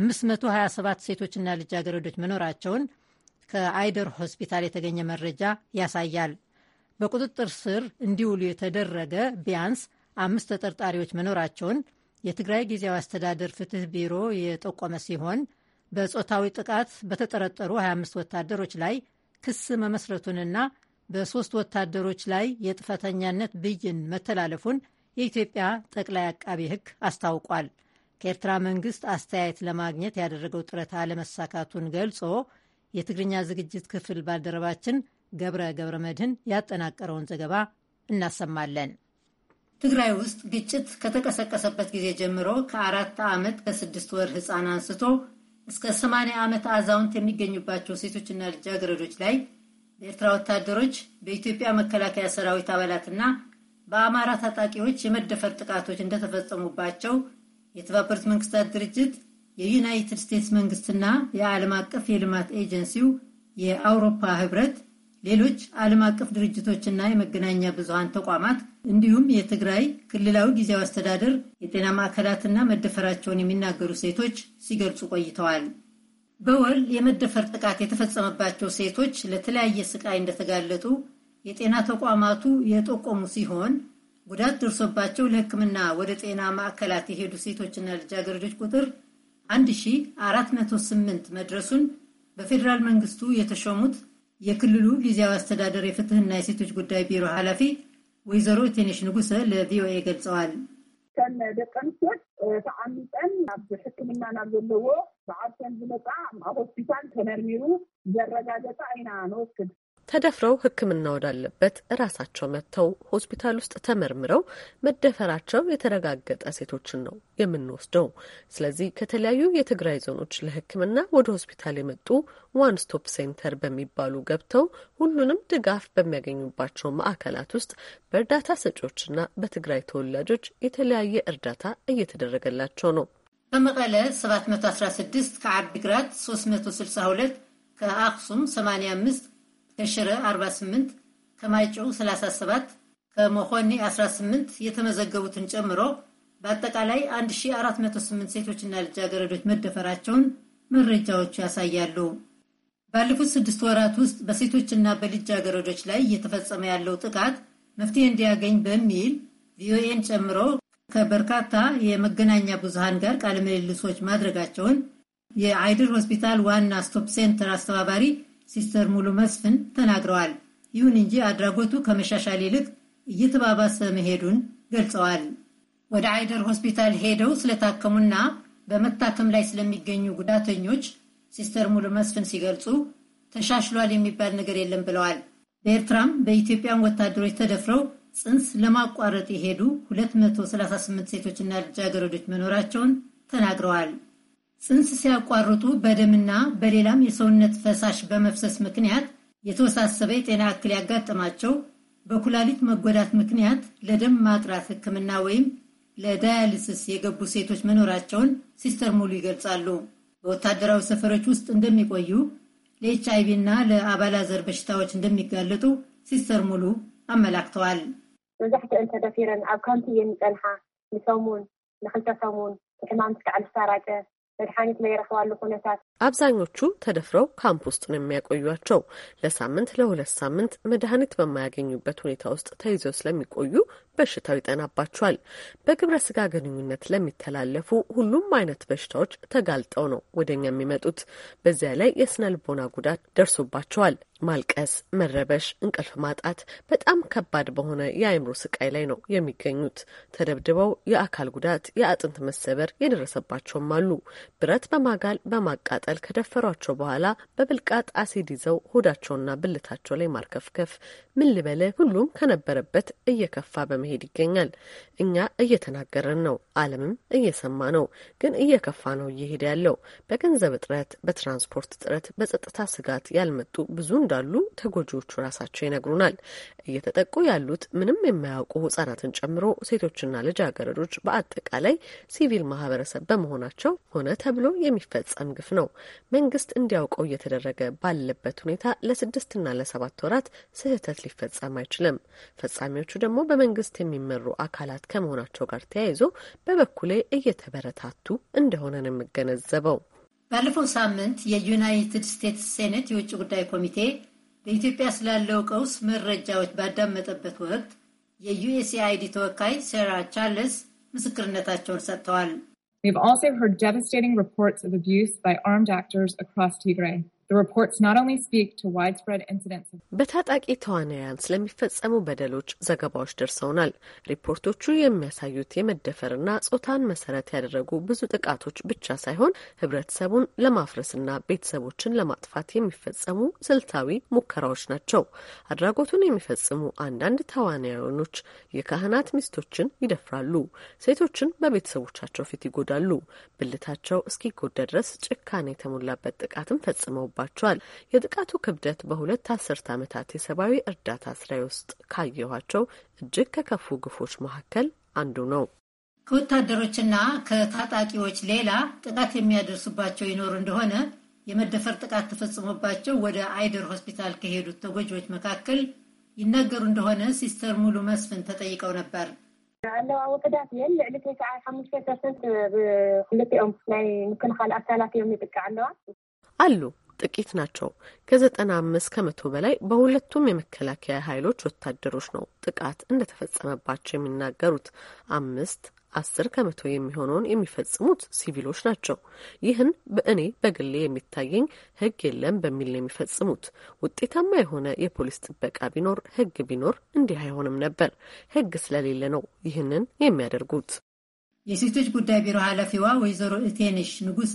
527 ሴቶችና ልጃገረዶች መኖራቸውን ከአይደር ሆስፒታል የተገኘ መረጃ ያሳያል። በቁጥጥር ስር እንዲውሉ የተደረገ ቢያንስ አምስት ተጠርጣሪዎች መኖራቸውን የትግራይ ጊዜያዊ አስተዳደር ፍትህ ቢሮ የጠቆመ ሲሆን በጾታዊ ጥቃት በተጠረጠሩ 25 ወታደሮች ላይ ክስ መመስረቱንና በሶስት ወታደሮች ላይ የጥፈተኛነት ብይን መተላለፉን የኢትዮጵያ ጠቅላይ አቃቤ ሕግ አስታውቋል። ከኤርትራ መንግስት አስተያየት ለማግኘት ያደረገው ጥረት አለመሳካቱን ገልጾ የትግርኛ ዝግጅት ክፍል ባልደረባችን ገብረ ገብረ መድህን ያጠናቀረውን ዘገባ እናሰማለን። ትግራይ ውስጥ ግጭት ከተቀሰቀሰበት ጊዜ ጀምሮ ከአራት ዓመት ከስድስት ወር ህፃን አንስቶ እስከ ሰማንያ ዓመት አዛውንት የሚገኙባቸው ሴቶችና ልጃገረዶች ላይ የኤርትራ ወታደሮች በኢትዮጵያ መከላከያ ሰራዊት አባላትና በአማራ ታጣቂዎች የመደፈር ጥቃቶች እንደተፈጸሙባቸው የተባበሩት መንግስታት ድርጅት፣ የዩናይትድ ስቴትስ መንግስትና የዓለም አቀፍ የልማት ኤጀንሲው፣ የአውሮፓ ህብረት፣ ሌሎች ዓለም አቀፍ ድርጅቶችና የመገናኛ ብዙሃን ተቋማት እንዲሁም የትግራይ ክልላዊ ጊዜያዊ አስተዳደር የጤና ማዕከላትና መደፈራቸውን የሚናገሩ ሴቶች ሲገልጹ ቆይተዋል። በወል የመደፈር ጥቃት የተፈጸመባቸው ሴቶች ለተለያየ ስቃይ እንደተጋለጡ የጤና ተቋማቱ የጠቆሙ ሲሆን ጉዳት ደርሶባቸው ለሕክምና ወደ ጤና ማዕከላት የሄዱ ሴቶችና ልጃገረዶች ቁጥር 1408 መድረሱን በፌዴራል መንግስቱ የተሾሙት የክልሉ ጊዜያዊ አስተዳደር የፍትህና የሴቶች ጉዳይ ቢሮ ኃላፊ ወይዘሮ ቴንሽ ንጉሰ ለቪኦኤ ገልጸዋል። ተን ደቂ ተዓሚጠን ናብ ሕክምና ናብ ዘለዎ በአሰን ዝመፃ ሆስፒታል ተመርሚሩ ዘረጋገጠ አይና ንወስድ ተደፍረው ሕክምና ወዳለበት እራሳቸው መጥተው ሆስፒታል ውስጥ ተመርምረው መደፈራቸው የተረጋገጠ ሴቶችን ነው የምንወስደው። ስለዚህ ከተለያዩ የትግራይ ዞኖች ለሕክምና ወደ ሆስፒታል የመጡ ዋን ስቶፕ ሴንተር በሚባሉ ገብተው ሁሉንም ድጋፍ በሚያገኙባቸው ማዕከላት ውስጥ በእርዳታ ሰጪዎችና በትግራይ ተወላጆች የተለያየ እርዳታ እየተደረገላቸው ነው። ከመቐለ 716 ከዓዲግራት 362 ከአክሱም 85 ከሽረ 48 ከማይጨው 37 ከመኾኒ 18 የተመዘገቡትን ጨምሮ በአጠቃላይ 1408 ሴቶችና ልጃገረዶች መደፈራቸውን መረጃዎቹ ያሳያሉ። ባለፉት ስድስት ወራት ውስጥ በሴቶችና በልጃገረዶች ላይ እየተፈጸመ ያለው ጥቃት መፍትሄ እንዲያገኝ በሚል ቪኦኤን ጨምሮ ከበርካታ የመገናኛ ብዙሃን ጋር ቃለምልልሶች ማድረጋቸውን የአይድር ሆስፒታል ዋና ስቶፕ ሴንተር አስተባባሪ ሲስተር ሙሉ መስፍን ተናግረዋል። ይሁን እንጂ አድራጎቱ ከመሻሻል ይልቅ እየተባባሰ መሄዱን ገልጸዋል። ወደ አይደር ሆስፒታል ሄደው ስለታከሙና በመታከም ላይ ስለሚገኙ ጉዳተኞች ሲስተር ሙሉ መስፍን ሲገልጹ ተሻሽሏል የሚባል ነገር የለም ብለዋል። በኤርትራም በኢትዮጵያን ወታደሮች ተደፍረው ጽንስ ለማቋረጥ የሄዱ 238 ሴቶችና ልጃገረዶች መኖራቸውን ተናግረዋል። ጽንስ ሲያቋርጡ በደምና በሌላም የሰውነት ፈሳሽ በመፍሰስ ምክንያት የተወሳሰበ የጤና እክል ያጋጠማቸው፣ በኩላሊት መጎዳት ምክንያት ለደም ማጥራት ሕክምና ወይም ለዳያሊስስ የገቡ ሴቶች መኖራቸውን ሲስተር ሙሉ ይገልጻሉ። በወታደራዊ ሰፈሮች ውስጥ እንደሚቆዩ፣ ለኤች አይቪ እና ለአባላዘር በሽታዎች እንደሚጋለጡ ሲስተር ሙሉ አመላክተዋል። መብዛሕትአን ተደፊረን ኣብ ካምቲ እየን ይፀንሓ ንሰሙን ንክልተ ሰሙን ብሕማም ክሳዕ ዝሳራጨ መድሓኒት ዘይረክባሉ ኩነታት አብዛኞቹ ተደፍረው ካምፕ ውስጥ ነው የሚያቆዩቸው። ለሳምንት ለሁለት ሳምንት መድኃኒት በማያገኙበት ሁኔታ ውስጥ ተይዘው ስለሚቆዩ በሽታው ይጠናባቸዋል። በግብረ ስጋ ግንኙነት ለሚተላለፉ ሁሉም አይነት በሽታዎች ተጋልጠው ነው ወደኛ የሚመጡት። በዚያ ላይ የስነ ልቦና ጉዳት ደርሶባቸዋል። ማልቀስ፣ መረበሽ፣ እንቅልፍ ማጣት በጣም ከባድ በሆነ የአእምሮ ስቃይ ላይ ነው የሚገኙት። ተደብድበው የአካል ጉዳት፣ የአጥንት መሰበር የደረሰባቸውም አሉ። ብረት በማጋል በማቃጠል ከደፈሯቸው በኋላ በብልቃጥ አሲድ ይዘው ሆዳቸውና ብልታቸው ላይ ማርከፍከፍ፣ ምን ልበለ ሁሉም ከነበረበት እየከፋ በመ መሄድ ይገኛል። እኛ እየተናገረን ነው፣ ዓለምም እየሰማ ነው። ግን እየከፋ ነው እየሄደ ያለው። በገንዘብ እጥረት፣ በትራንስፖርት እጥረት፣ በጸጥታ ስጋት ያልመጡ ብዙ እንዳሉ ተጎጂዎቹ ራሳቸው ይነግሩናል። እየተጠቁ ያሉት ምንም የማያውቁ ህጻናትን ጨምሮ ሴቶችና ልጃገረዶች በአጠቃላይ ሲቪል ማህበረሰብ በመሆናቸው ሆነ ተብሎ የሚፈጸም ግፍ ነው። መንግስት እንዲያውቀው እየተደረገ ባለበት ሁኔታ ለስድስትና ለሰባት ወራት ስህተት ሊፈጸም አይችልም። ፈጻሚዎቹ ደግሞ በመንግስት የሚመሩ አካላት ከመሆናቸው ጋር ተያይዞ በበኩሌ እየተበረታቱ እንደሆነ ነው የምገነዘበው። ባለፈው ሳምንት የዩናይትድ ስቴትስ ሴኔት የውጭ ጉዳይ ኮሚቴ በኢትዮጵያ ስላለው ቀውስ መረጃዎች ባዳመጠበት ወቅት የዩኤስኤአይዲ ተወካይ ቻርልስ ምስክርነታቸውን ሰጥተዋል። We've also heard devastating reports of abuse by armed actors across Tigray. በታጣቂ ተዋናያን ስለሚፈጸሙ በደሎች ዘገባዎች ደርሰውናል። ሪፖርቶቹ የሚያሳዩት የመደፈርና ጾታን መሰረት ያደረጉ ብዙ ጥቃቶች ብቻ ሳይሆን ህብረተሰቡን ለማፍረስና ቤተሰቦችን ለማጥፋት የሚፈጸሙ ስልታዊ ሙከራዎች ናቸው። አድራጎቱን የሚፈጽሙ አንዳንድ ተዋናያኖች የካህናት ሚስቶችን ይደፍራሉ፣ ሴቶችን በቤተሰቦቻቸው ፊት ይጎዳሉ፣ ብልታቸው እስኪጎዳ ድረስ ጭካኔ የተሞላበት ጥቃትም ፈጽመውባል ደርሶባቸዋል። የጥቃቱ ክብደት በሁለት አስርት ዓመታት የሰብአዊ እርዳታ ስራ ውስጥ ካየኋቸው እጅግ ከከፉ ግፎች መካከል አንዱ ነው። ከወታደሮችና ከታጣቂዎች ሌላ ጥቃት የሚያደርሱባቸው ይኖሩ እንደሆነ የመደፈር ጥቃት ተፈጽሞባቸው ወደ አይደር ሆስፒታል ከሄዱት ተጎጂዎች መካከል ይነገሩ እንደሆነ ሲስተር ሙሉ መስፍን ተጠይቀው ነበር። ኣለዋወ ዳት እየን ልዕሊ ተስዓ ሓሙሽተ ፐርሰንት ብክልቲኦም ናይ ምክልኻል ኣካላት እዮም ይጥቃዕ ኣለዋ አሉ ጥቂት ናቸው። ከዘጠና አምስት ከመቶ በላይ በሁለቱም የመከላከያ ኃይሎች ወታደሮች ነው ጥቃት እንደተፈጸመባቸው የሚናገሩት። አምስት አስር ከመቶ የሚሆነውን የሚፈጽሙት ሲቪሎች ናቸው። ይህን በእኔ በግሌ የሚታየኝ ሕግ የለም በሚል ነው የሚፈጽሙት። ውጤታማ የሆነ የፖሊስ ጥበቃ ቢኖር፣ ሕግ ቢኖር እንዲህ አይሆንም ነበር። ሕግ ስለሌለ ነው ይህንን የሚያደርጉት። የሴቶች ጉዳይ ቢሮ ኃላፊዋ ወይዘሮ እቴንሽ ንጉሰ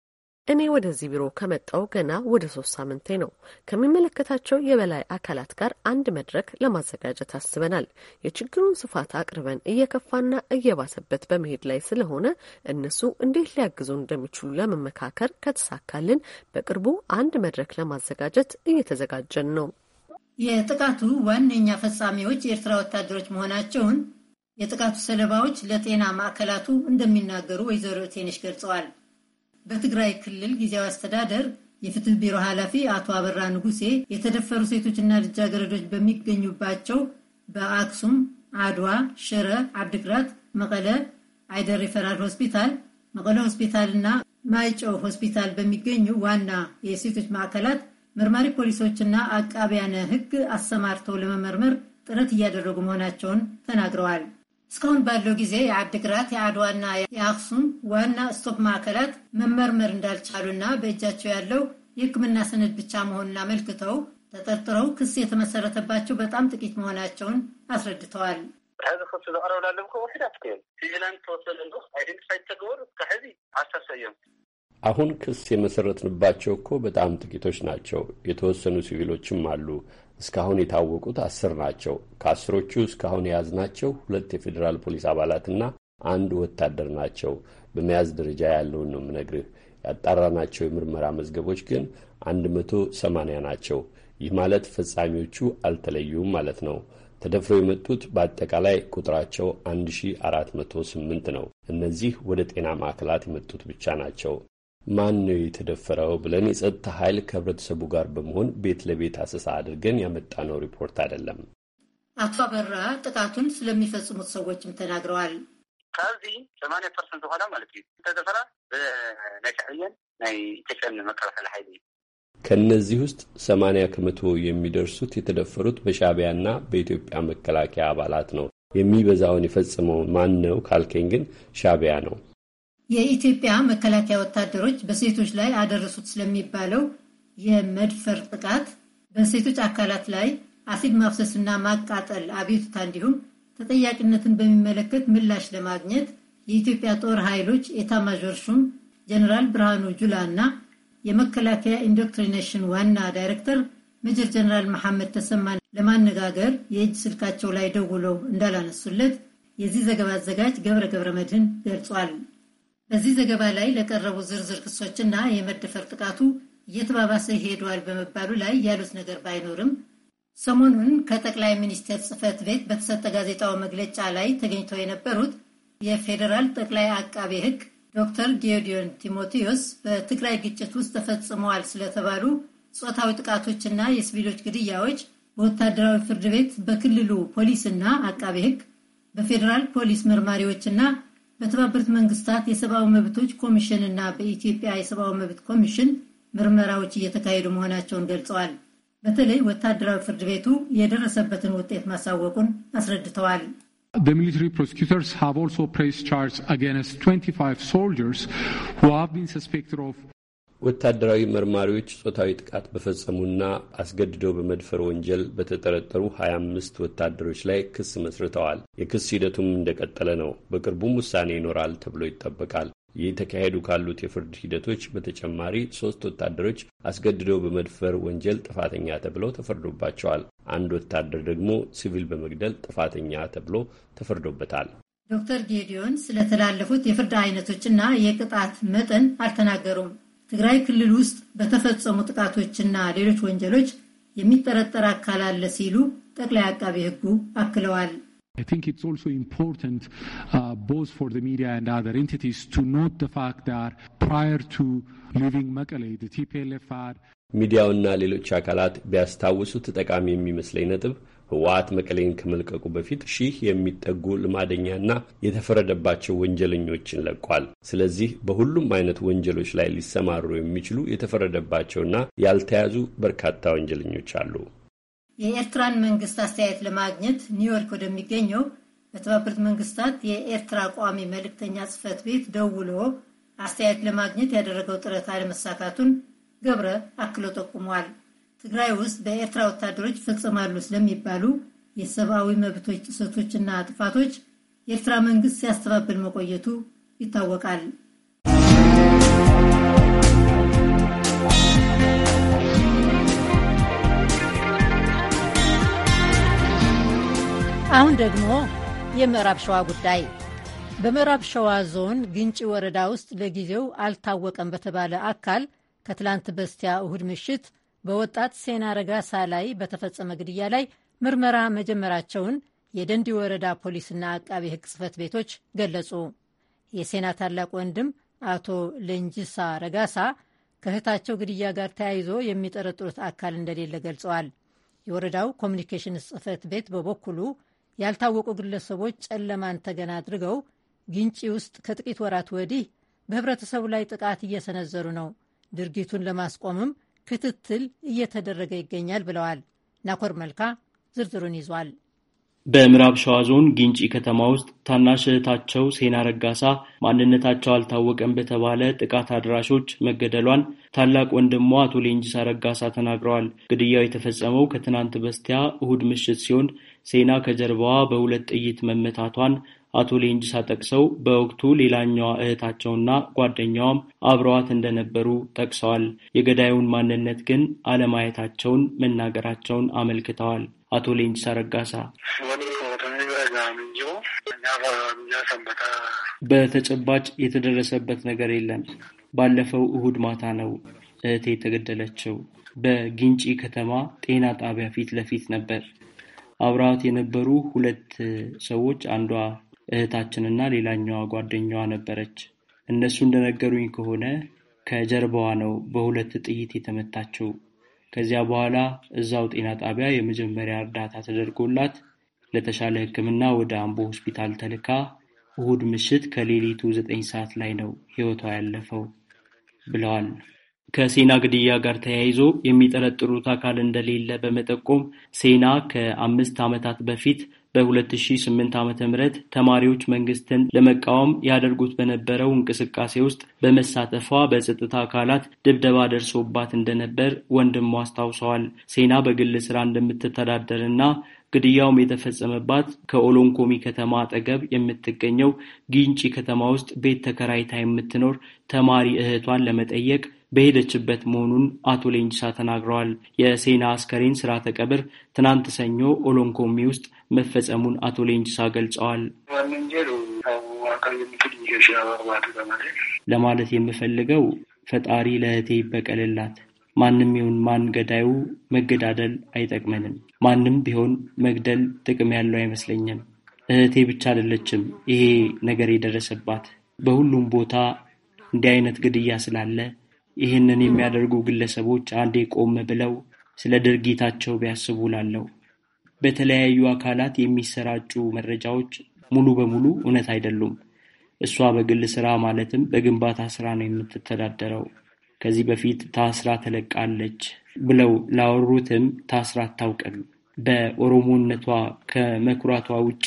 እኔ ወደዚህ ቢሮ ከመጣው ገና ወደ ሶስት ሳምንቴ ነው። ከሚመለከታቸው የበላይ አካላት ጋር አንድ መድረክ ለማዘጋጀት አስበናል። የችግሩን ስፋት አቅርበን እየከፋና እየባሰበት በመሄድ ላይ ስለሆነ እነሱ እንዴት ሊያግዙ እንደሚችሉ ለመመካከር ከተሳካልን በቅርቡ አንድ መድረክ ለማዘጋጀት እየተዘጋጀን ነው። የጥቃቱ ዋነኛ ፈጻሚዎች የኤርትራ ወታደሮች መሆናቸውን የጥቃቱ ሰለባዎች ለጤና ማዕከላቱ እንደሚናገሩ ወይዘሮ ቴንሽ ገልጸዋል። በትግራይ ክልል ጊዜያዊ አስተዳደር የፍትህ ቢሮ ኃላፊ አቶ አበራ ንጉሴ የተደፈሩ ሴቶችና ልጃገረዶች በሚገኙባቸው በአክሱም፣ አድዋ፣ ሽረ፣ አብድግራት፣ መቀለ አይደር ሪፈራል ሆስፒታል፣ መቀለ ሆስፒታልና ማይጨው ሆስፒታል በሚገኙ ዋና የሴቶች ማዕከላት መርማሪ ፖሊሶችና አቃቢያነ ሕግ አሰማርተው ለመመርመር ጥረት እያደረጉ መሆናቸውን ተናግረዋል። እስካሁን ባለው ጊዜ የአድግራት የአድዋና የአክሱም ዋና ስቶፕ ማዕከላት መመርመር እንዳልቻሉና በእጃቸው ያለው የሕክምና ሰነድ ብቻ መሆኑን አመልክተው ተጠርጥረው ክስ የተመሰረተባቸው በጣም ጥቂት መሆናቸውን አስረድተዋል። አሁን ክስ የመሰረትንባቸው እኮ በጣም ጥቂቶች ናቸው። የተወሰኑ ሲቪሎችም አሉ። እስካሁን የታወቁት አስር ናቸው። ከአስሮቹ እስካሁን የያዝናቸው ሁለት የፌዴራል ፖሊስ አባላትና አንድ ወታደር ናቸው። በመያዝ ደረጃ ያለውን ነው የምነግርህ። ያጣራናቸው የምርመራ መዝገቦች ግን አንድ መቶ ሰማንያ ናቸው። ይህ ማለት ፈጻሚዎቹ አልተለዩም ማለት ነው። ተደፍረው የመጡት በአጠቃላይ ቁጥራቸው 1408 ነው። እነዚህ ወደ ጤና ማዕከላት የመጡት ብቻ ናቸው። ማን ነው የተደፈረው ብለን የጸጥታ ኃይል ከህብረተሰቡ ጋር በመሆን ቤት ለቤት አሰሳ አድርገን ያመጣነው ሪፖርት አይደለም። አቶ አበራ ጥቃቱን ስለሚፈጽሙት ሰዎችም ተናግረዋል። ካብዚ ሰማንያ ፐርሰንት ዝኾና ማለት እዩ እንተዘፈራ ብናይሻዕየን ናይ ኢትዮጵያን መከላከል ሓይሊ እዩ ከነዚህ ውስጥ ሰማንያ ከመቶ የሚደርሱት የተደፈሩት በሻቢያና በኢትዮጵያ መከላከያ አባላት ነው። የሚበዛውን የፈጸመው ማን ነው ካልከኝ ግን ሻዕቢያ ነው። የኢትዮጵያ መከላከያ ወታደሮች በሴቶች ላይ አደረሱት ስለሚባለው የመድፈር ጥቃት በሴቶች አካላት ላይ አሲድ ማፍሰስና ማቃጠል አቤቱታ እንዲሁም ተጠያቂነትን በሚመለከት ምላሽ ለማግኘት የኢትዮጵያ ጦር ኃይሎች ኤታማዦር ሹም ጀነራል ብርሃኑ ጁላ እና የመከላከያ ኢንዶክትሪኔሽን ዋና ዳይሬክተር ሜጀር ጀነራል መሐመድ ተሰማን ለማነጋገር የእጅ ስልካቸው ላይ ደውለው እንዳላነሱለት የዚህ ዘገባ አዘጋጅ ገብረ ገብረ መድህን ገልጿል። በዚህ ዘገባ ላይ ለቀረቡ ዝርዝር ክሶችና የመደፈር ጥቃቱ እየተባባሰ ሄደዋል በመባሉ ላይ ያሉት ነገር ባይኖርም ሰሞኑን ከጠቅላይ ሚኒስቴር ጽህፈት ቤት በተሰጠ ጋዜጣዊ መግለጫ ላይ ተገኝተው የነበሩት የፌዴራል ጠቅላይ አቃቤ ሕግ ዶክተር ጌዲዮን ቲሞቴዎስ በትግራይ ግጭት ውስጥ ተፈጽመዋል ስለተባሉ ጾታዊ ጥቃቶችና የሲቪሎች ግድያዎች በወታደራዊ ፍርድ ቤት በክልሉ ፖሊስና አቃቤ ሕግ በፌዴራል ፖሊስ መርማሪዎችና በተባበሩት መንግስታት የሰብአዊ መብቶች ኮሚሽን እና በኢትዮጵያ የሰብአዊ መብት ኮሚሽን ምርመራዎች እየተካሄዱ መሆናቸውን ገልጸዋል። በተለይ ወታደራዊ ፍርድ ቤቱ የደረሰበትን ውጤት ማሳወቁን አስረድተዋል። ወታደራዊ መርማሪዎች ጾታዊ ጥቃት በፈጸሙና አስገድደው በመድፈር ወንጀል በተጠረጠሩ 25 ወታደሮች ላይ ክስ መስርተዋል። የክስ ሂደቱም እንደቀጠለ ነው። በቅርቡም ውሳኔ ይኖራል ተብሎ ይጠበቃል። እየተካሄዱ ካሉት የፍርድ ሂደቶች በተጨማሪ ሶስት ወታደሮች አስገድደው በመድፈር ወንጀል ጥፋተኛ ተብለው ተፈርዶባቸዋል። አንድ ወታደር ደግሞ ሲቪል በመግደል ጥፋተኛ ተብሎ ተፈርዶበታል። ዶክተር ጌዲዮን ስለተላለፉት የፍርድ አይነቶችና የቅጣት መጠን አልተናገሩም። ትግራይ ክልል ውስጥ በተፈጸሙ ጥቃቶችና ሌሎች ወንጀሎች የሚጠረጠር አካል አለ ሲሉ ጠቅላይ አቃቤ ሕጉ አክለዋል። ሚዲያውና uh, ሌሎች አካላት ቢያስታውሱት ጠቃሚ የሚመስለኝ ነጥብ ህወሓት መቀሌን ከመልቀቁ በፊት ሺህ የሚጠጉ ልማደኛና የተፈረደባቸው ወንጀለኞችን ለቋል። ስለዚህ በሁሉም አይነት ወንጀሎች ላይ ሊሰማሩ የሚችሉ የተፈረደባቸውና ያልተያዙ በርካታ ወንጀለኞች አሉ። የኤርትራን መንግስት አስተያየት ለማግኘት ኒውዮርክ ወደሚገኘው በተባበሩት መንግስታት የኤርትራ ቋሚ መልእክተኛ ጽህፈት ቤት ደውሎ አስተያየት ለማግኘት ያደረገው ጥረት አለመሳካቱን ገብረ አክሎ ጠቁሟል። ትግራይ ውስጥ በኤርትራ ወታደሮች ይፈጸማሉ ስለሚባሉ የሰብአዊ መብቶች ጥሰቶችና ጥፋቶች የኤርትራ መንግስት ሲያስተባብል መቆየቱ ይታወቃል። አሁን ደግሞ የምዕራብ ሸዋ ጉዳይ። በምዕራብ ሸዋ ዞን ግንጭ ወረዳ ውስጥ ለጊዜው አልታወቀም በተባለ አካል ከትላንት በስቲያ እሁድ ምሽት በወጣት ሴና ረጋሳ ላይ በተፈጸመ ግድያ ላይ ምርመራ መጀመራቸውን የደንዲ ወረዳ ፖሊስና አቃቢ ሕግ ጽፈት ቤቶች ገለጹ። የሴና ታላቅ ወንድም አቶ ለንጂሳ ረጋሳ ከእህታቸው ግድያ ጋር ተያይዞ የሚጠረጥሩት አካል እንደሌለ ገልጸዋል። የወረዳው ኮሚኒኬሽንስ ጽህፈት ቤት በበኩሉ ያልታወቁ ግለሰቦች ጨለማን ተገና አድርገው ግንጪ ውስጥ ከጥቂት ወራት ወዲህ በህብረተሰቡ ላይ ጥቃት እየሰነዘሩ ነው፣ ድርጊቱን ለማስቆምም ክትትል እየተደረገ ይገኛል ብለዋል። ናኮር መልካ ዝርዝሩን ይዟል። በምዕራብ ሸዋ ዞን ጊንጪ ከተማ ውስጥ ታናሽ እህታቸው ሴና ረጋሳ ማንነታቸው አልታወቀም በተባለ ጥቃት አድራሾች መገደሏን ታላቅ ወንድሟ አቶ ሌንጂሳ ረጋሳ ተናግረዋል። ግድያው የተፈጸመው ከትናንት በስቲያ እሁድ ምሽት ሲሆን ሴና ከጀርባዋ በሁለት ጥይት መመታቷን አቶ ሌንጅሳ ጠቅሰው በወቅቱ ሌላኛዋ እህታቸውና ጓደኛዋም አብረዋት እንደነበሩ ጠቅሰዋል። የገዳዩን ማንነት ግን አለማየታቸውን መናገራቸውን አመልክተዋል። አቶ ሌንጅሳ ረጋሳ በተጨባጭ የተደረሰበት ነገር የለም። ባለፈው እሁድ ማታ ነው እህቴ የተገደለችው። በጊንጪ ከተማ ጤና ጣቢያ ፊት ለፊት ነበር። አብረዋት የነበሩ ሁለት ሰዎች አንዷ እህታችንና ሌላኛዋ ጓደኛዋ ነበረች እነሱ እንደነገሩኝ ከሆነ ከጀርባዋ ነው በሁለት ጥይት የተመታችው ከዚያ በኋላ እዛው ጤና ጣቢያ የመጀመሪያ እርዳታ ተደርጎላት ለተሻለ ሕክምና ወደ አምቦ ሆስፒታል ተልካ እሁድ ምሽት ከሌሊቱ ዘጠኝ ሰዓት ላይ ነው ሕይወቷ ያለፈው ብለዋል። ከሴና ግድያ ጋር ተያይዞ የሚጠረጥሩት አካል እንደሌለ በመጠቆም ሴና ከአምስት ዓመታት በፊት በ2008 ም ተማሪዎች መንግስትን ለመቃወም ያደርጉት በነበረው እንቅስቃሴ ውስጥ በመሳተፏ በጸጥታ አካላት ድብደባ ደርሶባት እንደነበር ወንድሟ አስታውሰዋል። ሴና በግል ስራ እንደምትተዳደርና ግድያውም የተፈጸመባት ከኦሎንኮሚ ከተማ አጠገብ የምትገኘው ጊንጪ ከተማ ውስጥ ቤት ተከራይታ የምትኖር ተማሪ እህቷን ለመጠየቅ በሄደችበት መሆኑን አቶ ሌንጅሳ ተናግረዋል። የሴና አስከሬን ስርዓተ ቀብር ትናንት ሰኞ ኦሎንኮሚ ውስጥ መፈጸሙን አቶ ሌንጅሳ ገልጸዋል። ለማለት የምፈልገው ፈጣሪ ለእህቴ ይበቀልላት። ማንም ይሁን ማን ገዳዩ መገዳደል አይጠቅመንም። ማንም ቢሆን መግደል ጥቅም ያለው አይመስለኝም። እህቴ ብቻ አይደለችም ይሄ ነገር የደረሰባት። በሁሉም ቦታ እንዲህ አይነት ግድያ ስላለ ይህንን የሚያደርጉ ግለሰቦች አንዴ ቆም ብለው ስለ ድርጊታቸው ቢያስቡ ላለው በተለያዩ አካላት የሚሰራጩ መረጃዎች ሙሉ በሙሉ እውነት አይደሉም። እሷ በግል ስራ ማለትም በግንባታ ስራ ነው የምትተዳደረው። ከዚህ በፊት ታስራ ተለቃለች ብለው ላወሩትም ታስራ አታውቅም። በኦሮሞነቷ ከመኩራቷ ውጪ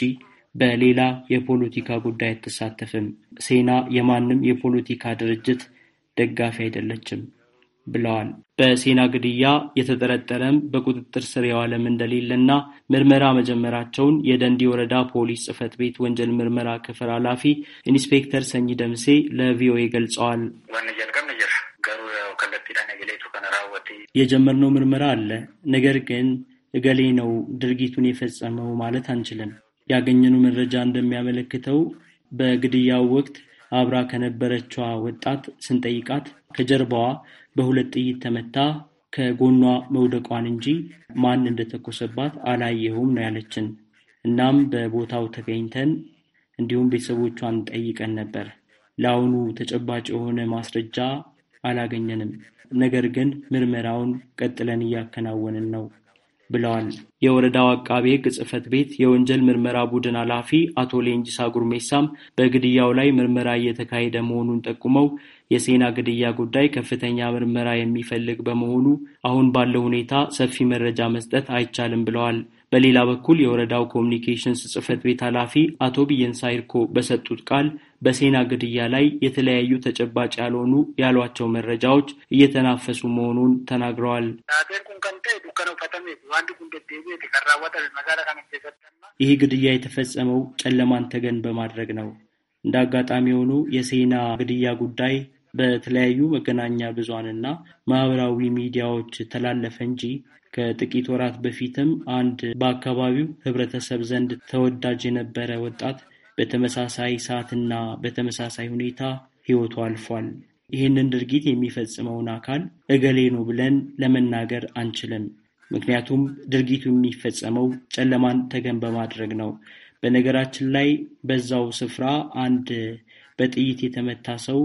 በሌላ የፖለቲካ ጉዳይ አትሳተፍም። ሴና የማንም የፖለቲካ ድርጅት ደጋፊ አይደለችም ብለዋል። በሴና ግድያ የተጠረጠረም በቁጥጥር ስር የዋለም እንደሌለና ምርመራ መጀመራቸውን የደንዲ ወረዳ ፖሊስ ጽፈት ቤት ወንጀል ምርመራ ክፍል ኃላፊ ኢንስፔክተር ሰኚ ደምሴ ለቪኦኤ ገልጸዋል። የጀመርነው ምርመራ አለ። ነገር ግን እገሌ ነው ድርጊቱን የፈጸመው ማለት አንችልም። ያገኘነው መረጃ እንደሚያመለክተው በግድያው ወቅት አብራ ከነበረችዋ ወጣት ስንጠይቃት ከጀርባዋ በሁለት ጥይት ተመታ ከጎኗ መውደቋን እንጂ ማን እንደተኮሰባት አላየሁም ነው ያለችን። እናም በቦታው ተገኝተን እንዲሁም ቤተሰቦቿን ጠይቀን ነበር። ለአሁኑ ተጨባጭ የሆነ ማስረጃ አላገኘንም። ነገር ግን ምርመራውን ቀጥለን እያከናወንን ነው። ብለዋል። የወረዳው አቃቤ ሕግ ጽህፈት ቤት የወንጀል ምርመራ ቡድን ኃላፊ አቶ ሌንጂሳ ጉርሜሳም በግድያው ላይ ምርመራ እየተካሄደ መሆኑን ጠቁመው የሴና ግድያ ጉዳይ ከፍተኛ ምርመራ የሚፈልግ በመሆኑ አሁን ባለው ሁኔታ ሰፊ መረጃ መስጠት አይቻልም ብለዋል። በሌላ በኩል የወረዳው ኮሚኒኬሽንስ ጽህፈት ቤት ኃላፊ አቶ ብየን ሳይርኮ በሰጡት ቃል በሴና ግድያ ላይ የተለያዩ ተጨባጭ ያልሆኑ ያሏቸው መረጃዎች እየተናፈሱ መሆኑን ተናግረዋል። ይህ ግድያ የተፈጸመው ጨለማን ተገን በማድረግ ነው። እንደ አጋጣሚ የሆኑ የሴና ግድያ ጉዳይ በተለያዩ መገናኛ ብዙሃንና ማህበራዊ ሚዲያዎች ተላለፈ እንጂ ከጥቂት ወራት በፊትም አንድ በአካባቢው ህብረተሰብ ዘንድ ተወዳጅ የነበረ ወጣት በተመሳሳይ ሰዓትና በተመሳሳይ ሁኔታ ህይወቱ አልፏል። ይህንን ድርጊት የሚፈጽመውን አካል እገሌ ነው ብለን ለመናገር አንችልም። ምክንያቱም ድርጊቱ የሚፈጸመው ጨለማን ተገን በማድረግ ነው። በነገራችን ላይ በዛው ስፍራ አንድ በጥይት የተመታ ሰው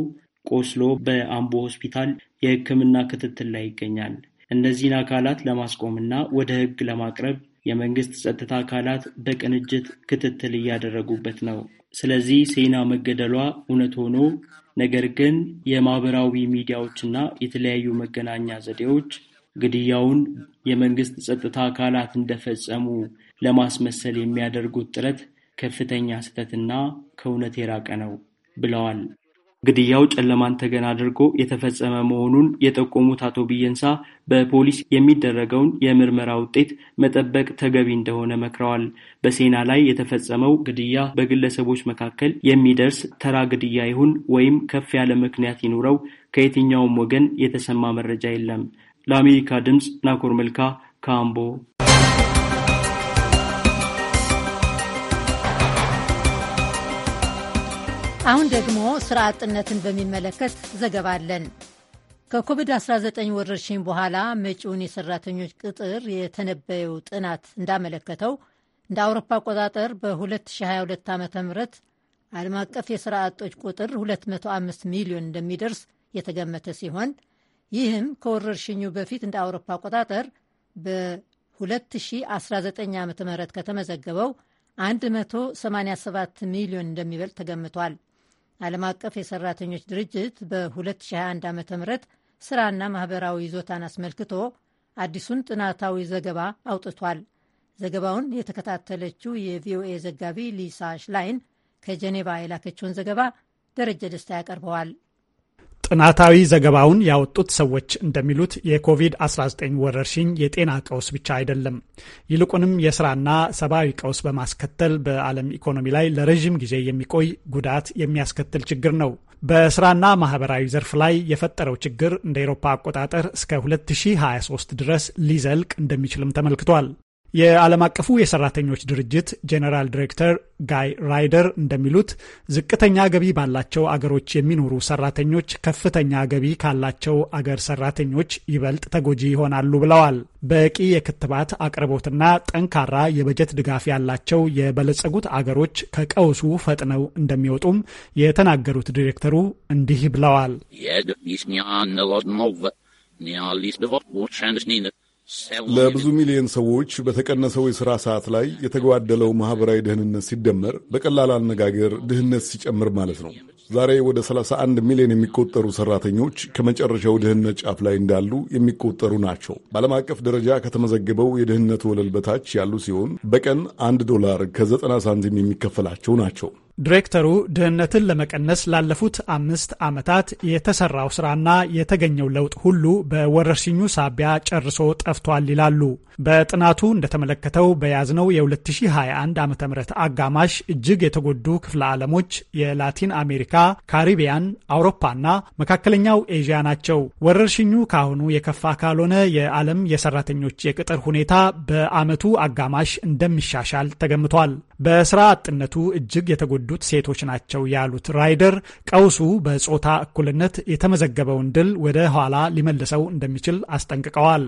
ቆስሎ በአምቦ ሆስፒታል የሕክምና ክትትል ላይ ይገኛል። እነዚህን አካላት ለማስቆምና ወደ ሕግ ለማቅረብ የመንግስት ጸጥታ አካላት በቅንጅት ክትትል እያደረጉበት ነው። ስለዚህ ሴና መገደሏ እውነት ሆኖ ነገር ግን የማህበራዊ ሚዲያዎችና የተለያዩ መገናኛ ዘዴዎች ግድያውን የመንግስት ጸጥታ አካላት እንደፈጸሙ ለማስመሰል የሚያደርጉት ጥረት ከፍተኛ ስህተትና ከእውነት የራቀ ነው ብለዋል ግድያው ጨለማን ተገን አድርጎ የተፈጸመ መሆኑን የጠቆሙት አቶ ብየንሳ በፖሊስ የሚደረገውን የምርመራ ውጤት መጠበቅ ተገቢ እንደሆነ መክረዋል። በሴና ላይ የተፈጸመው ግድያ በግለሰቦች መካከል የሚደርስ ተራ ግድያ ይሁን ወይም ከፍ ያለ ምክንያት ይኑረው ከየትኛውም ወገን የተሰማ መረጃ የለም። ለአሜሪካ ድምፅ ናኮር መልካ ካምቦ አሁን ደግሞ ስራ አጥነትን በሚመለከት ዘገባ አለን። ከኮቪድ-19 ወረርሽኝ በኋላ መጪውን የሰራተኞች ቅጥር የተነበየው ጥናት እንዳመለከተው እንደ አውሮፓ አቆጣጠር በ2022 ዓ ም ዓለም አቀፍ የሥራ አጦች ቁጥር 205 ሚሊዮን እንደሚደርስ የተገመተ ሲሆን ይህም ከወረርሽኙ በፊት እንደ አውሮፓ አቆጣጠር በ2019 ዓ ም ከተመዘገበው 187 ሚሊዮን እንደሚበልጥ ተገምቷል። ዓለም አቀፍ የሰራተኞች ድርጅት በ2021 ዓ ም ስራና ማህበራዊ ይዞታን አስመልክቶ አዲሱን ጥናታዊ ዘገባ አውጥቷል። ዘገባውን የተከታተለችው የቪኦኤ ዘጋቢ ሊሳ ሽላይን ከጀኔቫ የላከችውን ዘገባ ደረጀ ደስታ ያቀርበዋል። ጥናታዊ ዘገባውን ያወጡት ሰዎች እንደሚሉት የኮቪድ-19 ወረርሽኝ የጤና ቀውስ ብቻ አይደለም። ይልቁንም የስራና ሰብአዊ ቀውስ በማስከተል በዓለም ኢኮኖሚ ላይ ለረዥም ጊዜ የሚቆይ ጉዳት የሚያስከትል ችግር ነው። በስራና ማህበራዊ ዘርፍ ላይ የፈጠረው ችግር እንደ ኤሮፓ አቆጣጠር እስከ 2023 ድረስ ሊዘልቅ እንደሚችልም ተመልክቷል። የዓለም አቀፉ የሰራተኞች ድርጅት ጄኔራል ዲሬክተር ጋይ ራይደር እንደሚሉት ዝቅተኛ ገቢ ባላቸው አገሮች የሚኖሩ ሰራተኞች ከፍተኛ ገቢ ካላቸው አገር ሰራተኞች ይበልጥ ተጎጂ ይሆናሉ ብለዋል። በቂ የክትባት አቅርቦትና ጠንካራ የበጀት ድጋፍ ያላቸው የበለጸጉት አገሮች ከቀውሱ ፈጥነው እንደሚወጡም የተናገሩት ዲሬክተሩ እንዲህ ብለዋል። ለብዙ ሚሊዮን ሰዎች በተቀነሰው የሥራ ሰዓት ላይ የተጓደለው ማኅበራዊ ደህንነት ሲደመር በቀላል አነጋገር ድህነት ሲጨምር ማለት ነው። ዛሬ ወደ 31 ሚሊዮን የሚቆጠሩ ሰራተኞች ከመጨረሻው ድህነት ጫፍ ላይ እንዳሉ የሚቆጠሩ ናቸው። በዓለም አቀፍ ደረጃ ከተመዘገበው የድህነት ወለል በታች ያሉ ሲሆን በቀን አንድ ዶላር ከ90 ሳንቲም የሚከፈላቸው ናቸው። ዲሬክተሩ ድህነትን ለመቀነስ ላለፉት አምስት ዓመታት የተሰራው ስራና የተገኘው ለውጥ ሁሉ በወረርሽኙ ሳቢያ ጨርሶ ጠፍቷል ይላሉ። በጥናቱ እንደተመለከተው በያዝነው የ2021 ዓ ም አጋማሽ እጅግ የተጎዱ ክፍለ ዓለሞች የላቲን አሜሪካ፣ ካሪቢያን፣ አውሮፓና መካከለኛው ኤዥያ ናቸው። ወረርሽኙ ካሁኑ የከፋ ካልሆነ የዓለም የሰራተኞች የቅጥር ሁኔታ በዓመቱ አጋማሽ እንደሚሻሻል ተገምቷል። በስራ አጥነቱ እጅግ የተጎዱት ሴቶች ናቸው ያሉት ራይደር ቀውሱ በጾታ እኩልነት የተመዘገበውን ድል ወደ ኋላ ሊመልሰው እንደሚችል አስጠንቅቀዋል።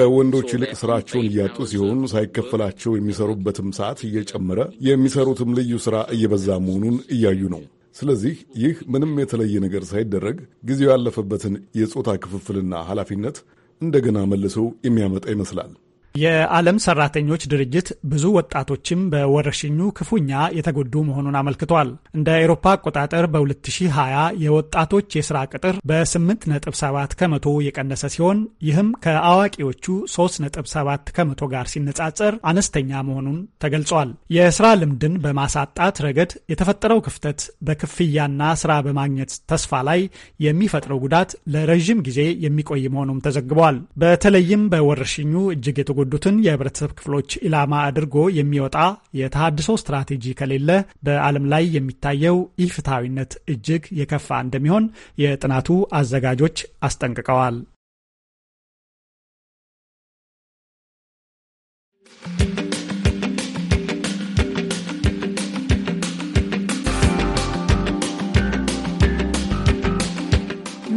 ከወንዶች ይልቅ ስራቸውን እያጡ ሲሆን ሳይከፈላቸው የሚሰሩበትም ሰዓት እየጨመረ የሚሰሩትም ልዩ ስራ እየበዛ መሆኑን እያዩ ነው። ስለዚህ ይህ ምንም የተለየ ነገር ሳይደረግ ጊዜው ያለፈበትን የጾታ ክፍፍልና ኃላፊነት እንደገና መልሰው የሚያመጣ ይመስላል። የዓለም ሰራተኞች ድርጅት ብዙ ወጣቶችም በወረርሽኙ ክፉኛ የተጎዱ መሆኑን አመልክቷል። እንደ አውሮፓ አቆጣጠር በ2020 የወጣቶች የሥራ ቅጥር በ8.7 ከመቶ የቀነሰ ሲሆን ይህም ከአዋቂዎቹ 3.7 ከመቶ ጋር ሲነጻጸር አነስተኛ መሆኑን ተገልጿል። የሥራ ልምድን በማሳጣት ረገድ የተፈጠረው ክፍተት በክፍያና ስራ በማግኘት ተስፋ ላይ የሚፈጥረው ጉዳት ለረዥም ጊዜ የሚቆይ መሆኑም ተዘግቧል። በተለይም በወረርሽኙ እጅግ የተጎዱትን የህብረተሰብ ክፍሎች ኢላማ አድርጎ የሚወጣ የተሃድሶ ስትራቴጂ ከሌለ በዓለም ላይ የሚታየው ኢፍትሐዊነት እጅግ የከፋ እንደሚሆን የጥናቱ አዘጋጆች አስጠንቅቀዋል።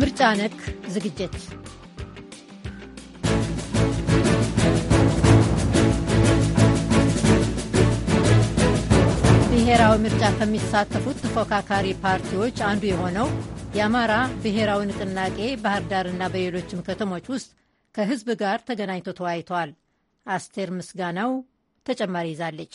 ምርጫ ነክ ዝግጅት ብሔራዊ ምርጫ ከሚሳተፉት ተፎካካሪ ፓርቲዎች አንዱ የሆነው የአማራ ብሔራዊ ንቅናቄ ባህር ዳርና በሌሎችም ከተሞች ውስጥ ከህዝብ ጋር ተገናኝቶ ተወያይተዋል። አስቴር ምስጋናው ተጨማሪ ይዛለች።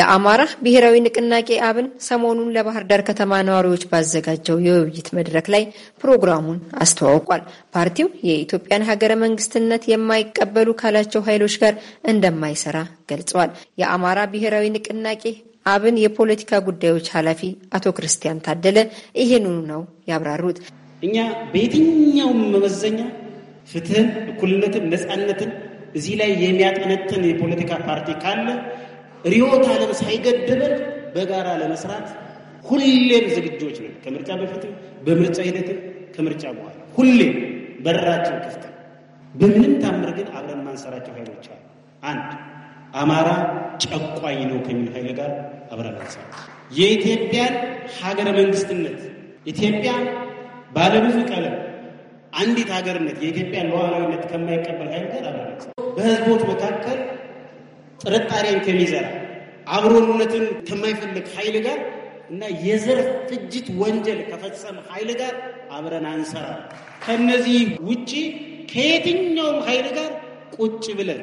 የአማራ ብሔራዊ ንቅናቄ አብን ሰሞኑን ለባህር ዳር ከተማ ነዋሪዎች ባዘጋጀው የውይይት መድረክ ላይ ፕሮግራሙን አስተዋውቋል። ፓርቲው የኢትዮጵያን ሀገረ መንግስትነት የማይቀበሉ ካላቸው ኃይሎች ጋር እንደማይሰራ ገልጸዋል። የአማራ ብሔራዊ ንቅናቄ አብን የፖለቲካ ጉዳዮች ኃላፊ አቶ ክርስቲያን ታደለ ይህንኑ ነው ያብራሩት። እኛ በየትኛውም መመዘኛ ፍትህን፣ እኩልነትን፣ ነፃነትን እዚህ ላይ የሚያጠነጥን የፖለቲካ ፓርቲ ካለ ርዕዮተ ዓለም ሳይገድበን በጋራ ለመስራት ሁሌም ዝግጆች ነን። ከምርጫ በፊትም በምርጫ ሂደትም ከምርጫ በኋላ ሁሌም በራቸው ክፍት በምንም ታምር ግን አብረን ማንሰራቸው ኃይሎች አሉ። አንድ አማራ ጨቋኝ ነው ከሚል ኃይል ጋር አብረን የኢትዮጵያን ሀገረ መንግስትነት ኢትዮጵያ ባለብዙ ቀለም አንዲት ሀገርነት የኢትዮጵያን ሉዓላዊነት ከማይቀበል ኃይል ጋር አብረን በህዝቦች መካከል ጥርጣሬን ከሚዘራ አብሮነትን ከማይፈልግ ኃይል ጋር እና የዘር ፍጅት ወንጀል ከፈጸመ ኃይል ጋር አብረን አንሰራ። ከነዚህ ውጪ ከየትኛውም ኃይል ጋር ቁጭ ብለን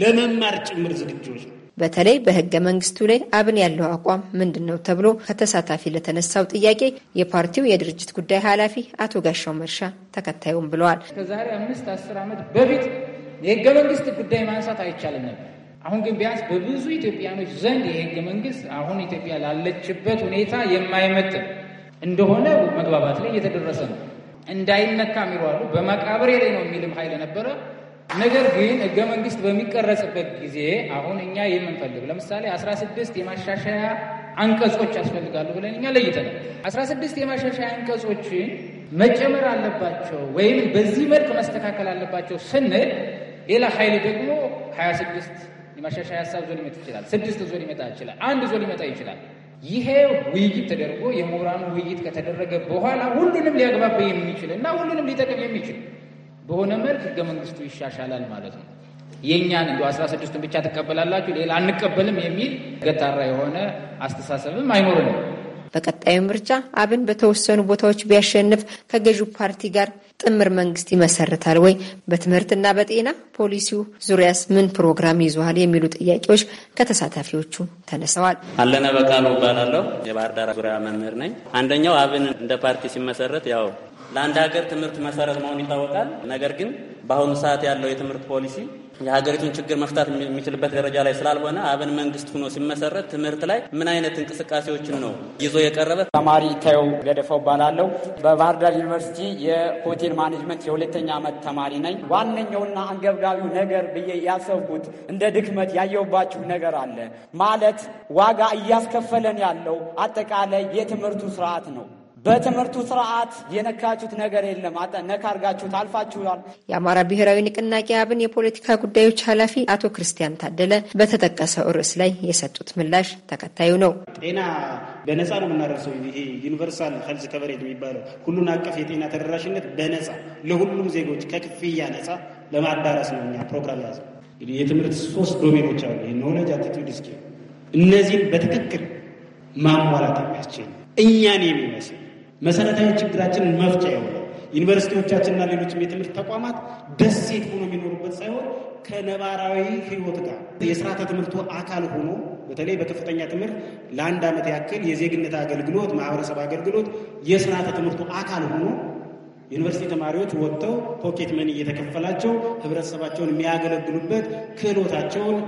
ለመማር ጭምር ዝግጁዎች ነው። በተለይ በህገ መንግስቱ ላይ አብን ያለው አቋም ምንድን ነው ተብሎ ከተሳታፊ ለተነሳው ጥያቄ የፓርቲው የድርጅት ጉዳይ ኃላፊ አቶ ጋሻው መርሻ ተከታዩም ብለዋል። ከዛሬ አምስት አስር ዓመት በፊት የህገ መንግስት ጉዳይ ማንሳት አይቻልም ነበር። አሁን ግን ቢያንስ በብዙ ኢትዮጵያኖች ዘንድ የህገ መንግስት አሁን ኢትዮጵያ ላለችበት ሁኔታ የማይመጥን እንደሆነ መግባባት ላይ እየተደረሰ ነው። እንዳይነካ የሚሉ አሉ። በመቃብሬ ላይ ነው የሚልም ኃይል ነበረ። ነገር ግን ህገ መንግስት በሚቀረጽበት ጊዜ አሁን እኛ የምንፈልግ ለምሳሌ 16 የማሻሻያ አንቀጾች ያስፈልጋሉ ብለን እኛ ለይተናል። 16 የማሻሻያ አንቀጾችን መጨመር አለባቸው ወይም በዚህ መልክ መስተካከል አለባቸው ስንል ሌላ ኃይል ደግሞ 26 የማሻሻያ ሀሳብ ዞ ሊመጣ ይችላል። ስድስት ዞ ሊመጣ ይችላል። አንድ ዞ ሊመጣ ይችላል። ይሄ ውይይት ተደርጎ የምሁራኑ ውይይት ከተደረገ በኋላ ሁሉንም ሊያግባባ የሚችል እና ሁሉንም ሊጠቅም የሚችል በሆነ መልክ ህገ መንግስቱ ይሻሻላል ማለት ነው። የእኛን እንዲ አስራ ስድስቱን ብቻ ትቀበላላችሁ ሌላ አንቀበልም የሚል ገታራ የሆነ አስተሳሰብም አይኖርንም። በቀጣዩ ምርጫ አብን በተወሰኑ ቦታዎች ቢያሸንፍ ከገዢው ፓርቲ ጋር ጥምር መንግስት ይመሰርታል ወይ? በትምህርትና በጤና ፖሊሲው ዙሪያስ ምን ፕሮግራም ይዟል? የሚሉ ጥያቄዎች ከተሳታፊዎቹ ተነስተዋል። አለነ በቃሉ እባላለሁ። የባህር ዳር ዙሪያ መምህር ነኝ። አንደኛው አብን እንደ ፓርቲ ሲመሰረት ያው ለአንድ ሀገር ትምህርት መሰረት መሆኑ ይታወቃል። ነገር ግን በአሁኑ ሰዓት ያለው የትምህርት ፖሊሲ የሀገሪቱን ችግር መፍታት የሚችልበት ደረጃ ላይ ስላልሆነ አብን መንግስት ሆኖ ሲመሰረት ትምህርት ላይ ምን አይነት እንቅስቃሴዎችን ነው ይዞ የቀረበ? ተማሪ ታየው ገደፈው እባላለሁ። በባህር ዳር ዩኒቨርሲቲ የሆቴል ማኔጅመንት የሁለተኛ ዓመት ተማሪ ነኝ። ዋነኛውና አንገብጋቢው ነገር ብዬ ያሰብኩት እንደ ድክመት ያየውባችሁ ነገር አለ ማለት ዋጋ እያስከፈለን ያለው አጠቃላይ የትምህርቱ ስርዓት ነው። በትምህርቱ ስርዓት የነካችሁት ነገር የለም። ነካ አርጋችሁት አልፋችኋል። የአማራ ብሔራዊ ንቅናቄ አብን የፖለቲካ ጉዳዮች ኃላፊ አቶ ክርስቲያን ታደለ በተጠቀሰው ርዕስ ላይ የሰጡት ምላሽ ተከታዩ ነው። ጤና በነፃ ነው የምናደርሰው። ይሄ ዩኒቨርሳል ሄልዝ ከቨሬጅ የሚባለው ሁሉን አቀፍ የጤና ተደራሽነት በነፃ ለሁሉም ዜጎች ከክፍያ ነፃ ለማዳረስ ነው እኛ ፕሮግራም ያዘ። እንግዲህ የትምህርት ሶስት ዶሜኖች አሉ። ኖሌጅ፣ አቲቲዩድ፣ እስኪ እነዚህን በትክክል ማሟላት የሚያስችል እኛን የሚመስል መሰረታዊ ችግራችንን መፍቻ ይሆናል። ዩኒቨርሲቲዎቻችንና ሌሎችም የትምህርት ተቋማት ደሴት ሆኖ የሚኖሩበት ሳይሆን ከነባራዊ ህይወት ጋር የስርዓተ ትምህርቱ አካል ሆኖ በተለይ በከፍተኛ ትምህርት ለአንድ ዓመት ያክል የዜግነት አገልግሎት፣ ማህበረሰብ አገልግሎት የስርዓተ ትምህርቱ አካል ሆኖ ዩኒቨርሲቲ ተማሪዎች ወጥተው ፖኬት መኒ እየተከፈላቸው ህብረተሰባቸውን የሚያገለግሉበት ክህሎታቸውን፣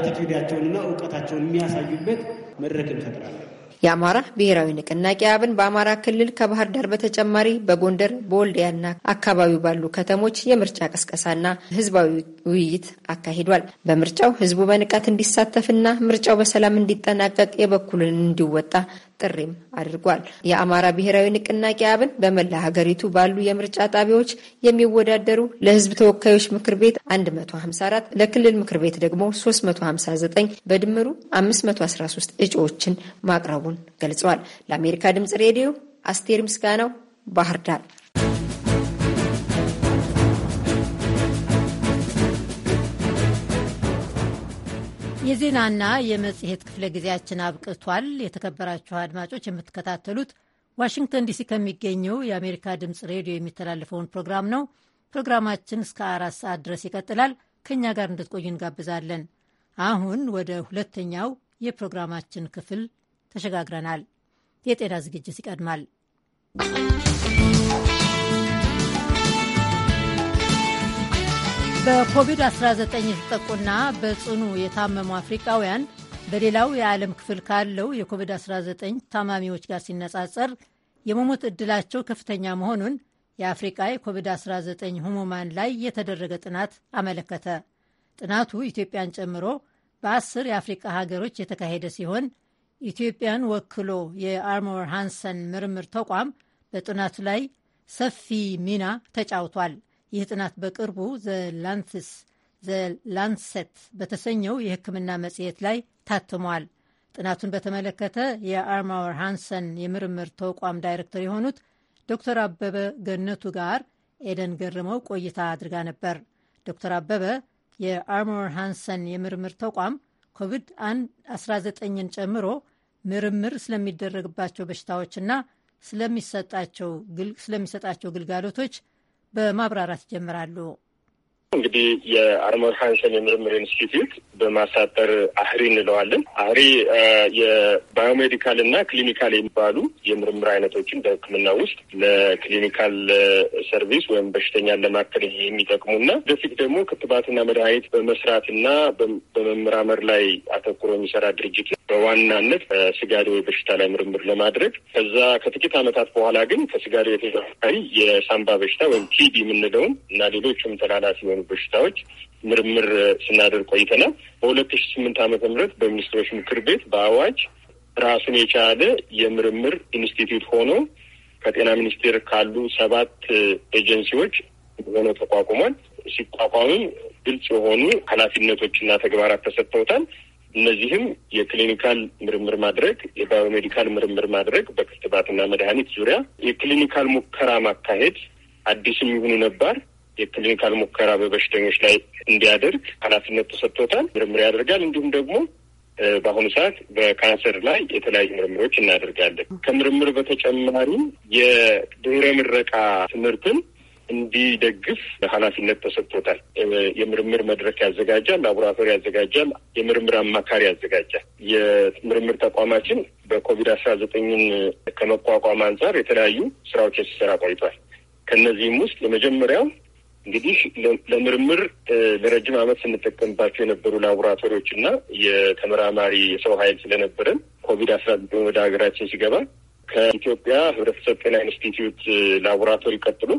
አቲቲዩዳቸውንና እውቀታቸውን የሚያሳዩበት መድረክ እንፈጥራለን። የአማራ ብሔራዊ ንቅናቄ አብን በአማራ ክልል ከባህር ዳር በተጨማሪ በጎንደር በወልዲያና አካባቢው ባሉ ከተሞች የምርጫ ቀስቀሳና ህዝባዊ ውይይት አካሂዷል። በምርጫው ህዝቡ በንቃት እንዲሳተፍና ምርጫው በሰላም እንዲጠናቀቅ የበኩልን እንዲወጣ ጥሪም አድርጓል። የአማራ ብሔራዊ ንቅናቄ አብን በመላ ሀገሪቱ ባሉ የምርጫ ጣቢያዎች የሚወዳደሩ ለህዝብ ተወካዮች ምክር ቤት 154 ለክልል ምክር ቤት ደግሞ 359 በድምሩ 513 እጩዎችን ማቅረቡን ገልጿል። ለአሜሪካ ድምጽ ሬዲዮ አስቴር ምስጋናው ባህር ዳር የዜናና የመጽሔት ክፍለ ጊዜያችን አብቅቷል። የተከበራችሁ አድማጮች የምትከታተሉት ዋሽንግተን ዲሲ ከሚገኘው የአሜሪካ ድምፅ ሬዲዮ የሚተላለፈውን ፕሮግራም ነው። ፕሮግራማችን እስከ አራት ሰዓት ድረስ ይቀጥላል። ከእኛ ጋር እንድትቆዩ እንጋብዛለን። አሁን ወደ ሁለተኛው የፕሮግራማችን ክፍል ተሸጋግረናል። የጤና ዝግጅት ይቀድማል። በኮቪድ-19 የተጠቁና በጽኑ የታመሙ አፍሪቃውያን በሌላው የዓለም ክፍል ካለው የኮቪድ-19 ታማሚዎች ጋር ሲነጻጸር የመሞት ዕድላቸው ከፍተኛ መሆኑን የአፍሪቃ የኮቪድ-19 ህሙማን ላይ የተደረገ ጥናት አመለከተ። ጥናቱ ኢትዮጵያን ጨምሮ በአስር የአፍሪቃ ሀገሮች የተካሄደ ሲሆን ኢትዮጵያን ወክሎ የአርሞር ሃንሰን ምርምር ተቋም በጥናቱ ላይ ሰፊ ሚና ተጫውቷል። ይህ ጥናት በቅርቡ ዘላንሴት በተሰኘው የሕክምና መጽሔት ላይ ታትሟል። ጥናቱን በተመለከተ የአርማወር ሃንሰን የምርምር ተቋም ዳይሬክተር የሆኑት ዶክተር አበበ ገነቱ ጋር ኤደን ገርመው ቆይታ አድርጋ ነበር። ዶክተር አበበ የአርማወር ሃንሰን የምርምር ተቋም ኮቪድ-19ን ጨምሮ ምርምር ስለሚደረግባቸው በሽታዎችና ስለሚሰጣቸው ግልጋሎቶች በማብራራት ይጀምራሉ። እንግዲህ የአርሞር ሃንሰን የምርምር ኢንስቲትዩት በማሳጠር አህሪ እንለዋለን። አህሪ የባዮሜዲካል እና ክሊኒካል የሚባሉ የምርምር አይነቶችን በሕክምና ውስጥ ለክሊኒካል ሰርቪስ ወይም በሽተኛን ለማከል የሚጠቅሙ እና ወደፊት ደግሞ ክትባትና መድኃኒት በመስራት እና በመመራመር ላይ አተኩሮ የሚሰራ ድርጅት ነው። በዋናነት ስጋዴ በሽታ ላይ ምርምር ለማድረግ ከዛ ከጥቂት ዓመታት በኋላ ግን ከስጋዴ የተዘፋሪ የሳምባ በሽታ ወይም ቲቢ የምንለውን እና ሌሎችም ተላላፊ የሆኑ በሽታዎች ምርምር ስናደርግ ቆይተናል። በሁለት ሺ ስምንት ዓመተ ምህረት በሚኒስትሮች ምክር ቤት በአዋጅ ራሱን የቻለ የምርምር ኢንስቲትዩት ሆኖ ከጤና ሚኒስቴር ካሉ ሰባት ኤጀንሲዎች ሆኖ ተቋቁሟል። ሲቋቋምም ግልጽ የሆኑ ኃላፊነቶችና ተግባራት ተሰጥተውታል። እነዚህም የክሊኒካል ምርምር ማድረግ፣ የባዮሜዲካል ምርምር ማድረግ፣ በክትባትና መድኃኒት ዙሪያ የክሊኒካል ሙከራ ማካሄድ፣ አዲስም ይሁኑ ነባር የክሊኒካል ሙከራ በበሽተኞች ላይ እንዲያደርግ ኃላፊነት ተሰጥቶታል። ምርምር ያደርጋል። እንዲሁም ደግሞ በአሁኑ ሰዓት በካንሰር ላይ የተለያዩ ምርምሮች እናደርጋለን። ከምርምር በተጨማሪም የድህረ ምረቃ ትምህርትን እንዲደግፍ ኃላፊነት ተሰጥቶታል። የምርምር መድረክ ያዘጋጃል፣ ላቦራቶሪ ያዘጋጃል፣ የምርምር አማካሪ ያዘጋጃል። የምርምር ተቋማችን በኮቪድ አስራ ዘጠኝን ከመቋቋም አንጻር የተለያዩ ስራዎች ሲሰራ ቆይቷል። ከእነዚህም ውስጥ የመጀመሪያው እንግዲህ ለምርምር ለረጅም ዓመት ስንጠቀምባቸው የነበሩ ላቦራቶሪዎች እና የተመራማሪ የሰው ኃይል ስለነበረን ኮቪድ አስራ ዘጠኝ ወደ ሀገራችን ሲገባ ከኢትዮጵያ ሕብረተሰብ ጤና ኢንስቲትዩት ላቦራቶሪ ቀጥሎ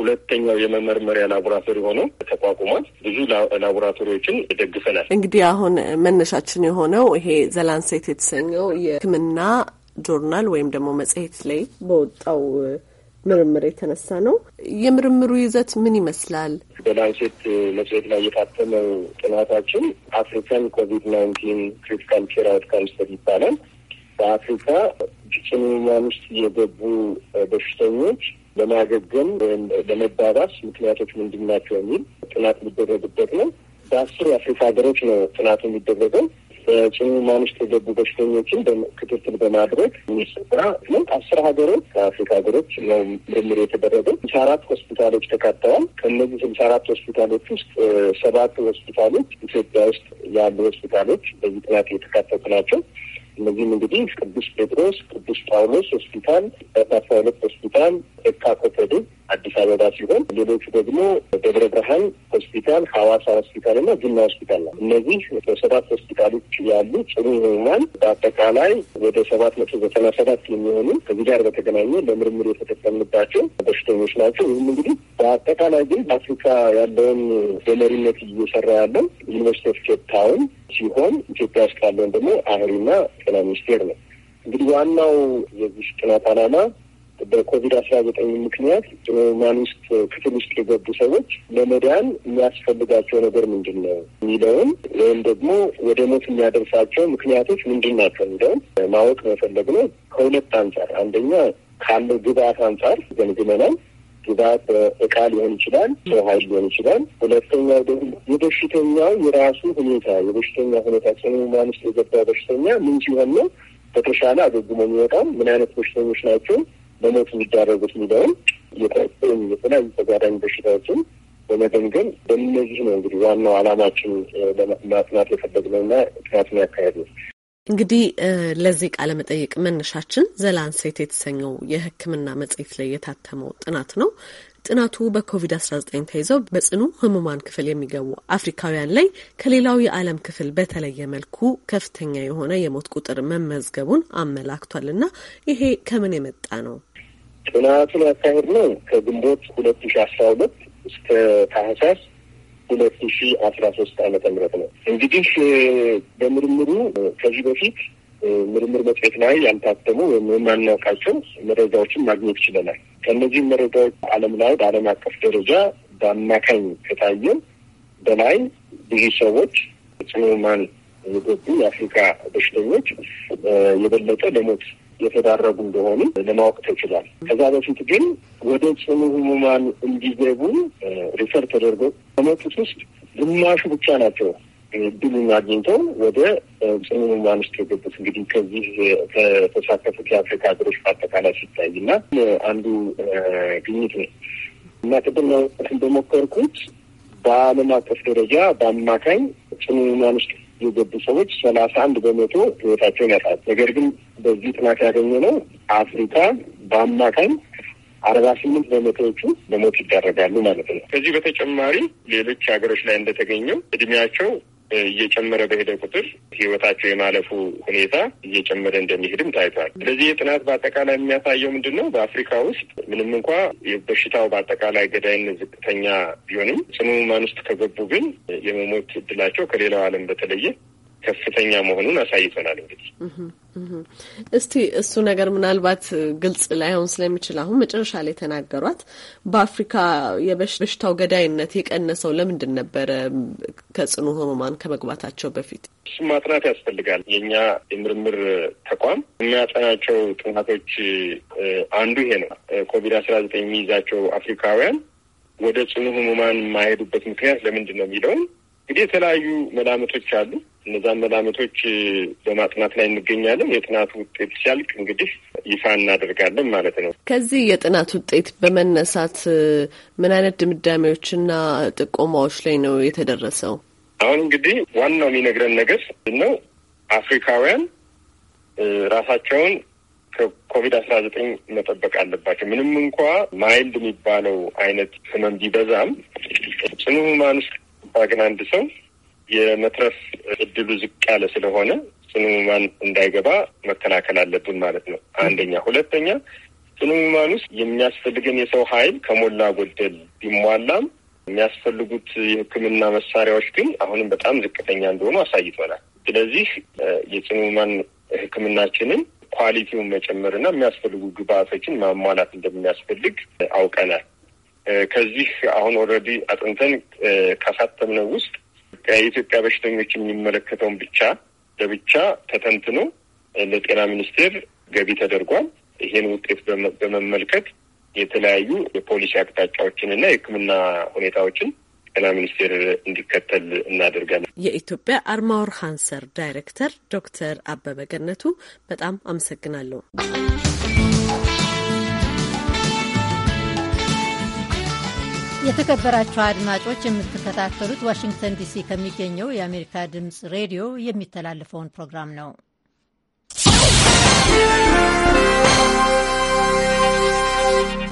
ሁለተኛው የመመርመሪያ ላቦራቶሪ ሆኖ ተቋቁሟል። ብዙ ላቦራቶሪዎችን ደግፈናል። እንግዲህ አሁን መነሻችን የሆነው ይሄ ዘላንሴት የተሰኘው የሕክምና ጆርናል ወይም ደግሞ መጽሔት ላይ በወጣው ምርምር የተነሳ ነው። የምርምሩ ይዘት ምን ይመስላል? በላንሴት መጽሔት ላይ የታተመው ጥናታችን አፍሪካን ኮቪድ ናይንቲን ክሪቲካል ኬር አውትካምስ ይባላል። በአፍሪካ ጭንኛን ውስጥ የገቡ በሽተኞች ለማገገም ወይም ለመባባስ ምክንያቶች ምንድን ናቸው የሚል ጥናት የሚደረግበት ነው። በአስር የአፍሪካ ሀገሮች ነው ጥናቱ የሚደረገው። በጽኑ ማኖች ተገቡ በሽተኞችን ክትትል በማድረግ የሚሰራ ነው። አስር ሀገሮች ከአፍሪካ ሀገሮች ነው ምርምር የተደረገው። ስልሳ አራት ሆስፒታሎች ተካተዋል። ከእነዚህ ስልሳ አራት ሆስፒታሎች ውስጥ ሰባት ሆስፒታሎች ኢትዮጵያ ውስጥ ያሉ ሆስፒታሎች በዚህ ጥናት የተካተቱ ናቸው። እነዚህም እንግዲህ ቅዱስ ጴጥሮስ፣ ቅዱስ ጳውሎስ ሆስፒታል፣ አስራ ሁለት ሆስፒታል የካ ኮተዱ አዲስ አበባ ሲሆን ሌሎቹ ደግሞ ደብረ ብርሃን ሆስፒታል፣ ሐዋሳ ሆስፒታል እና ጅማ ሆስፒታል ነው። እነዚህ ሰባት ሆስፒታሎች ያሉ ጽኑ ህሙማን በአጠቃላይ ወደ ሰባት መቶ ዘጠና ሰባት የሚሆኑ ከዚህ ጋር በተገናኘ ለምርምር የተጠቀምባቸው በሽተኞች ናቸው። ይህም እንግዲህ በአጠቃላይ ግን በአፍሪካ ያለውን በመሪነት እየሰራ ያለው ዩኒቨርሲቲ ኦፍ ኬፕ ታውን ሲሆን ኢትዮጵያ ውስጥ ያለውን ደግሞ አህሪና ጤና ሚኒስቴር ነው። እንግዲህ ዋናው የዚህ ጥናት ዓላማ በኮቪድ አስራ ዘጠኝ ምክንያት ማን ውስጥ ክፍል ውስጥ የገቡ ሰዎች ለመዳን የሚያስፈልጋቸው ነገር ምንድን ነው የሚለውን ወይም ደግሞ ወደ ሞት የሚያደርሳቸው ምክንያቶች ምንድን ናቸው የሚለውን ማወቅ መፈለግ ነው። ከሁለት አንጻር አንደኛ ካለው ግብአት አንጻር ገምግመናል። ግባት እቃ ሊሆን ይችላል፣ ሰው ሀይል ሊሆን ይችላል። ሁለተኛው ደግሞ የበሽተኛው የራሱ ሁኔታ የበሽተኛ ሁኔታ ጽኑ ሕሙማን ውስጥ የገባ በሽተኛ ምን ሲሆን ነው በተሻለ አገግሞ የሚወጣው፣ ምን አይነት በሽተኞች ናቸው በሞት የሚዳረጉት የሚለውን የተለያዩ ተጓዳኝ በሽታዎችን በመገምገም በእነዚህ ነው እንግዲህ ዋናው አላማችን ለማጥናት የፈለግነውና ጥናቱን ያካሄዱ እንግዲህ ለዚህ ቃለ መጠይቅ መነሻችን ዘላንሴት የተሰኘው የሕክምና መጽሔት ላይ የታተመው ጥናት ነው። ጥናቱ በኮቪድ-19 ተይዘው በጽኑ ህሙማን ክፍል የሚገቡ አፍሪካውያን ላይ ከሌላው የዓለም ክፍል በተለየ መልኩ ከፍተኛ የሆነ የሞት ቁጥር መመዝገቡን አመላክቷል። እና ይሄ ከምን የመጣ ነው? ጥናቱን ያካሄድ ነው ከግንቦት ሁለት ሺ አስራ ሁለት እስከ ታህሳስ ሁለት ሺ አስራ ሶስት አመተ ምህረት ነው። እንግዲህ በምርምሩ ከዚህ በፊት ምርምር መጽሔት ላይ ያልታተሙ ወይም የማናውቃቸው መረጃዎችን ማግኘት ይችለናል። ከእነዚህም መረጃዎች ዓለም ላይ በዓለም አቀፍ ደረጃ በአማካኝ ከታየ በላይ ብዙ ሰዎች ጽኑ የጎዱ የአፍሪካ በሽተኞች የበለጠ ለሞት የተዳረጉ እንደሆኑ ለማወቅ ተችሏል። ከዛ በፊት ግን ወደ ጽኑ ህሙማን እንዲገቡ ሪፈር ተደርጎ ከመጡት ውስጥ ግማሹ ብቻ ናቸው እድሉን አግኝተው ወደ ጽኑ ህሙማን ውስጥ የገቡት። እንግዲህ ከዚህ ከተሳተፉት የአፍሪካ ሀገሮች በአጠቃላይ ሲታይ እና አንዱ ግኝት ነው እና ቅድም እንደሞከርኩት በዓለም አቀፍ ደረጃ በአማካኝ ጽኑ ህሙማን ውስጥ የገቡ ሰዎች ሰላሳ አንድ በመቶ ህይወታቸውን ያጣሉ። ነገር ግን በዚህ ጥናት ነው አፍሪካ በአማካኝ አርባ ስምንት በመቶዎቹ ለሞት ይዳረጋሉ ማለት ነው። ከዚህ በተጨማሪ ሌሎች ሀገሮች ላይ እንደተገኘው እድሜያቸው እየጨመረ በሄደ ቁጥር ህይወታቸው የማለፉ ሁኔታ እየጨመረ እንደሚሄድም ታይቷል። ስለዚህ የጥናት በአጠቃላይ የሚያሳየው ምንድን ነው? በአፍሪካ ውስጥ ምንም እንኳ የበሽታው በአጠቃላይ ገዳይነት ዝቅተኛ ቢሆንም ጽኑ ህሙማን ውስጥ ከገቡ ግን የመሞት እድላቸው ከሌላው ዓለም በተለየ ከፍተኛ መሆኑን አሳይተናል። እንግዲህ እስቲ እሱ ነገር ምናልባት ግልጽ ላይሆን ስለሚችል አሁን መጨረሻ ላይ ተናገሯት። በአፍሪካ የበሽታው ገዳይነት የቀነሰው ለምንድን ነበረ? ከጽኑ ህሙማን ከመግባታቸው በፊት እሱ ማጥናት ያስፈልጋል። የእኛ የምርምር ተቋም የሚያጠናቸው ጥናቶች አንዱ ይሄ ነው። ኮቪድ አስራ ዘጠኝ የሚይዛቸው አፍሪካውያን ወደ ጽኑ ህሙማን የማይሄዱበት ምክንያት ለምንድን ነው የሚለውን እንግዲህ የተለያዩ መላምቶች አሉ። እነዛን መላምቶች በማጥናት ላይ እንገኛለን። የጥናቱ ውጤት ሲያልቅ እንግዲህ ይፋ እናደርጋለን ማለት ነው። ከዚህ የጥናት ውጤት በመነሳት ምን አይነት ድምዳሜዎችና ጥቆማዎች ላይ ነው የተደረሰው? አሁን እንግዲህ ዋናው የሚነግረን ነገር ነው አፍሪካውያን ራሳቸውን ከኮቪድ አስራ ዘጠኝ መጠበቅ አለባቸው። ምንም እንኳ ማይልድ የሚባለው አይነት ህመም ቢበዛም ጽኑ ህሙማን ውስጥ ግን አንድ ሰው የመትረፍ እድሉ ዝቅ ያለ ስለሆነ ጽኑ ህሙማን እንዳይገባ መከላከል አለብን ማለት ነው። አንደኛ። ሁለተኛ ጽኑ ህሙማን ውስጥ የሚያስፈልገን የሰው ኃይል ከሞላ ጎደል ቢሟላም የሚያስፈልጉት የሕክምና መሳሪያዎች ግን አሁንም በጣም ዝቅተኛ እንደሆኑ አሳይቶናል። ስለዚህ የጽኑ ህሙማን ሕክምናችንን ኳሊቲውን መጨመርና የሚያስፈልጉ ግብአቶችን ማሟላት እንደሚያስፈልግ አውቀናል። ከዚህ አሁን ኦልሬዲ አጥንተን ካሳተምነው ውስጥ የኢትዮጵያ በሽተኞች የሚመለከተውን ብቻ ለብቻ ተተንትኖ ለጤና ሚኒስቴር ገቢ ተደርጓል። ይሄን ውጤት በመመልከት የተለያዩ የፖሊሲ አቅጣጫዎችን እና የሕክምና ሁኔታዎችን ጤና ሚኒስቴር እንዲከተል እናደርጋለን። የኢትዮጵያ አርማወር ሃንሰር ዳይሬክተር ዶክተር አበበ ገነቱ በጣም አመሰግናለሁ። የተከበራችሁ አድማጮች የምትከታተሉት ዋሽንግተን ዲሲ ከሚገኘው የአሜሪካ ድምፅ ሬዲዮ የሚተላለፈውን ፕሮግራም ነው።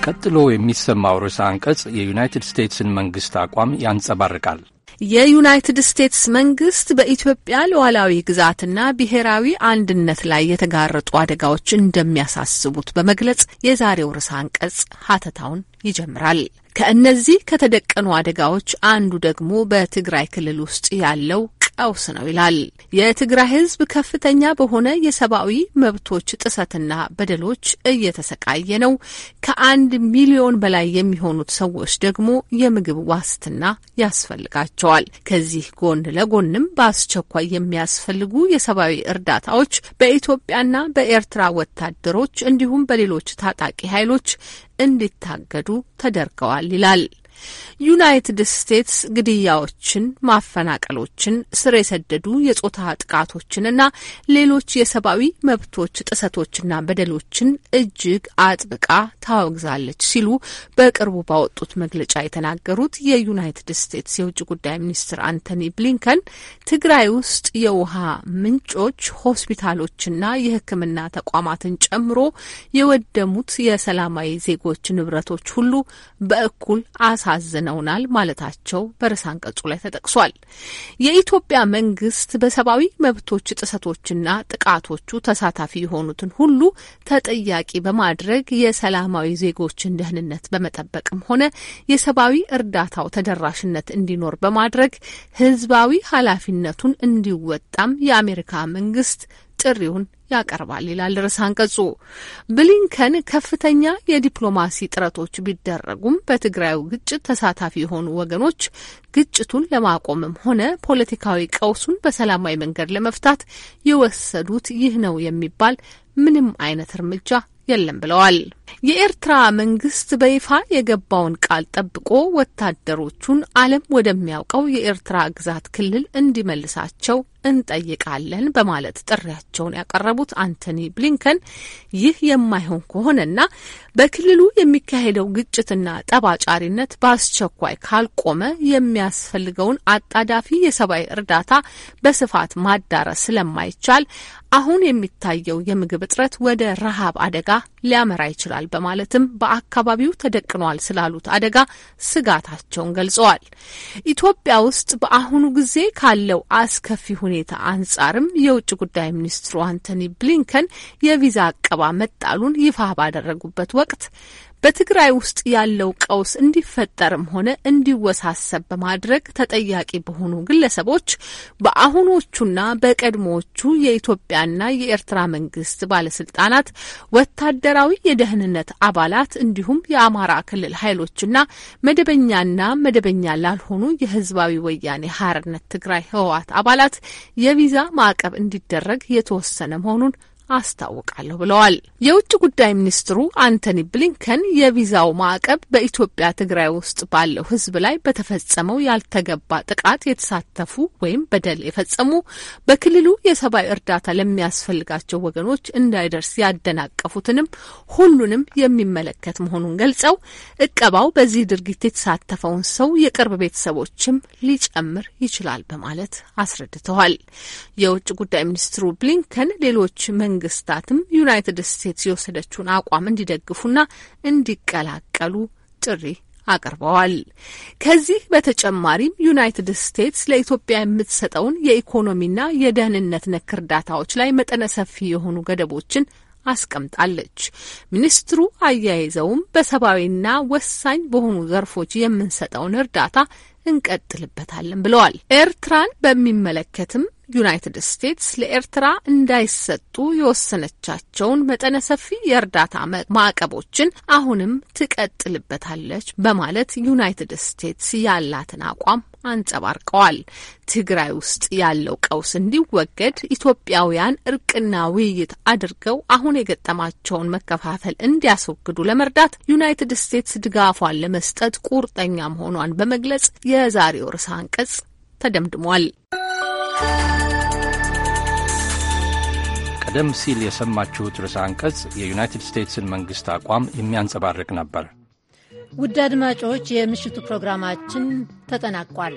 ቀጥሎ የሚሰማው ርዕሰ አንቀጽ የዩናይትድ ስቴትስን መንግስት አቋም ያንጸባርቃል። የዩናይትድ ስቴትስ መንግስት በኢትዮጵያ ሉዓላዊ ግዛትና ብሔራዊ አንድነት ላይ የተጋረጡ አደጋዎች እንደሚያሳስቡት በመግለጽ የዛሬው ርዕሰ አንቀጽ ሀተታውን ይጀምራል። ከእነዚህ ከተደቀኑ አደጋዎች አንዱ ደግሞ በትግራይ ክልል ውስጥ ያለው ቀውስ ነው ይላል። የትግራይ ሕዝብ ከፍተኛ በሆነ የሰብአዊ መብቶች ጥሰትና በደሎች እየተሰቃየ ነው። ከአንድ ሚሊዮን በላይ የሚሆኑት ሰዎች ደግሞ የምግብ ዋስትና ያስፈልጋቸዋል። ከዚህ ጎን ለጎንም በአስቸኳይ የሚያስፈልጉ የሰብአዊ እርዳታዎች በኢትዮጵያና በኤርትራ ወታደሮች እንዲሁም በሌሎች ታጣቂ ኃይሎች እንዲታገዱ ተደርገዋል ይላል። ዩናይትድ ስቴትስ ግድያዎችን፣ ማፈናቀሎችን፣ ስር የሰደዱ የጾታ ጥቃቶችንና ሌሎች የሰብአዊ መብቶች ጥሰቶችና በደሎችን እጅግ አጥብቃ ታወግዛለች ሲሉ በቅርቡ ባወጡት መግለጫ የተናገሩት የዩናይትድ ስቴትስ የውጭ ጉዳይ ሚኒስትር አንቶኒ ብሊንከን ትግራይ ውስጥ የውሃ ምንጮች፣ ሆስፒታሎችና የሕክምና ተቋማትን ጨምሮ የወደሙት የሰላማዊ ዜጎች ንብረቶች ሁሉ በእኩል አሳ አሳዝነውናል ማለታቸው በርዕሰ አንቀጹ ላይ ተጠቅሷል። የኢትዮጵያ መንግስት በሰብአዊ መብቶች ጥሰቶችና ጥቃቶቹ ተሳታፊ የሆኑትን ሁሉ ተጠያቂ በማድረግ የሰላማዊ ዜጎችን ደህንነት በመጠበቅም ሆነ የሰብአዊ እርዳታው ተደራሽነት እንዲኖር በማድረግ ህዝባዊ ኃላፊነቱን እንዲወጣም የአሜሪካ መንግስት ጥሪውን ያቀርባል ይላል ርዕሰ አንቀጹ። ብሊንከን ከፍተኛ የዲፕሎማሲ ጥረቶች ቢደረጉም በትግራዩ ግጭት ተሳታፊ የሆኑ ወገኖች ግጭቱን ለማቆምም ሆነ ፖለቲካዊ ቀውሱን በሰላማዊ መንገድ ለመፍታት የወሰዱት ይህ ነው የሚባል ምንም አይነት እርምጃ የለም ብለዋል። የኤርትራ መንግስት በይፋ የገባውን ቃል ጠብቆ ወታደሮቹን ዓለም ወደሚያውቀው የኤርትራ ግዛት ክልል እንዲመልሳቸው እንጠይቃለን በማለት ጥሪያቸውን ያቀረቡት አንቶኒ ብሊንከን ይህ የማይሆን ከሆነና በክልሉ የሚካሄደው ግጭትና ጠባጫሪነት በአስቸኳይ ካልቆመ የሚያስፈልገውን አጣዳፊ የሰብአዊ እርዳታ በስፋት ማዳረስ ስለማይቻል አሁን የሚታየው የምግብ እጥረት ወደ ረሃብ አደጋ ሊያመራ ይችላል ይሆናል በማለትም በአካባቢው ተደቅኗል ስላሉት አደጋ ስጋታቸውን ገልጸዋል። ኢትዮጵያ ውስጥ በአሁኑ ጊዜ ካለው አስከፊ ሁኔታ አንጻርም የውጭ ጉዳይ ሚኒስትሩ አንቶኒ ብሊንከን የቪዛ አቀባ መጣሉን ይፋ ባደረጉበት ወቅት በትግራይ ውስጥ ያለው ቀውስ እንዲፈጠርም ሆነ እንዲወሳሰብ በማድረግ ተጠያቂ በሆኑ ግለሰቦች በአሁኖቹና በቀድሞዎቹ የኢትዮጵያና የኤርትራ መንግስት ባለስልጣናት፣ ወታደራዊ የደህንነት አባላት እንዲሁም የአማራ ክልል ኃይሎችና መደበኛና መደበኛ ላልሆኑ የህዝባዊ ወያኔ ሀርነት ትግራይ ህወሓት አባላት የቪዛ ማዕቀብ እንዲደረግ የተወሰነ መሆኑን አስታውቃለሁ ብለዋል። የውጭ ጉዳይ ሚኒስትሩ አንቶኒ ብሊንከን የቪዛው ማዕቀብ በኢትዮጵያ ትግራይ ውስጥ ባለው ሕዝብ ላይ በተፈጸመው ያልተገባ ጥቃት የተሳተፉ ወይም በደል የፈጸሙ በክልሉ የሰብአዊ እርዳታ ለሚያስፈልጋቸው ወገኖች እንዳይደርስ ያደናቀፉትንም ሁሉንም የሚመለከት መሆኑን ገልጸው እቀባው በዚህ ድርጊት የተሳተፈውን ሰው የቅርብ ቤተሰቦችም ሊጨምር ይችላል በማለት አስረድተዋል። የውጭ ጉዳይ ሚኒስትሩ ብሊንከን ሌሎች መንግ መንግስታትም ዩናይትድ ስቴትስ የወሰደችውን አቋም እንዲደግፉና እንዲቀላቀሉ ጥሪ አቅርበዋል። ከዚህ በተጨማሪም ዩናይትድ ስቴትስ ለኢትዮጵያ የምትሰጠውን የኢኮኖሚና የደህንነት ነክ እርዳታዎች ላይ መጠነ ሰፊ የሆኑ ገደቦችን አስቀምጣለች። ሚኒስትሩ አያይዘውም በሰብአዊና ወሳኝ በሆኑ ዘርፎች የምንሰጠውን እርዳታ እንቀጥልበታለን ብለዋል። ኤርትራን በሚመለከትም ዩናይትድ ስቴትስ ለኤርትራ እንዳይሰጡ የወሰነቻቸውን መጠነ ሰፊ የእርዳታ ማዕቀቦችን አሁንም ትቀጥልበታለች በማለት ዩናይትድ ስቴትስ ያላትን አቋም አንጸባርቀዋል። ትግራይ ውስጥ ያለው ቀውስ እንዲወገድ ኢትዮጵያውያን እርቅና ውይይት አድርገው አሁን የገጠማቸውን መከፋፈል እንዲያስወግዱ ለመርዳት ዩናይትድ ስቴትስ ድጋፏን ለመስጠት ቁርጠኛ መሆኗን በመግለጽ የዛሬው ርዕሰ አንቀጽ ተደምድሟል። ቀደም ሲል የሰማችሁት ርዕሰ አንቀጽ የዩናይትድ ስቴትስን መንግሥት አቋም የሚያንጸባርቅ ነበር። ውድ አድማጮች፣ የምሽቱ ፕሮግራማችን ተጠናቋል።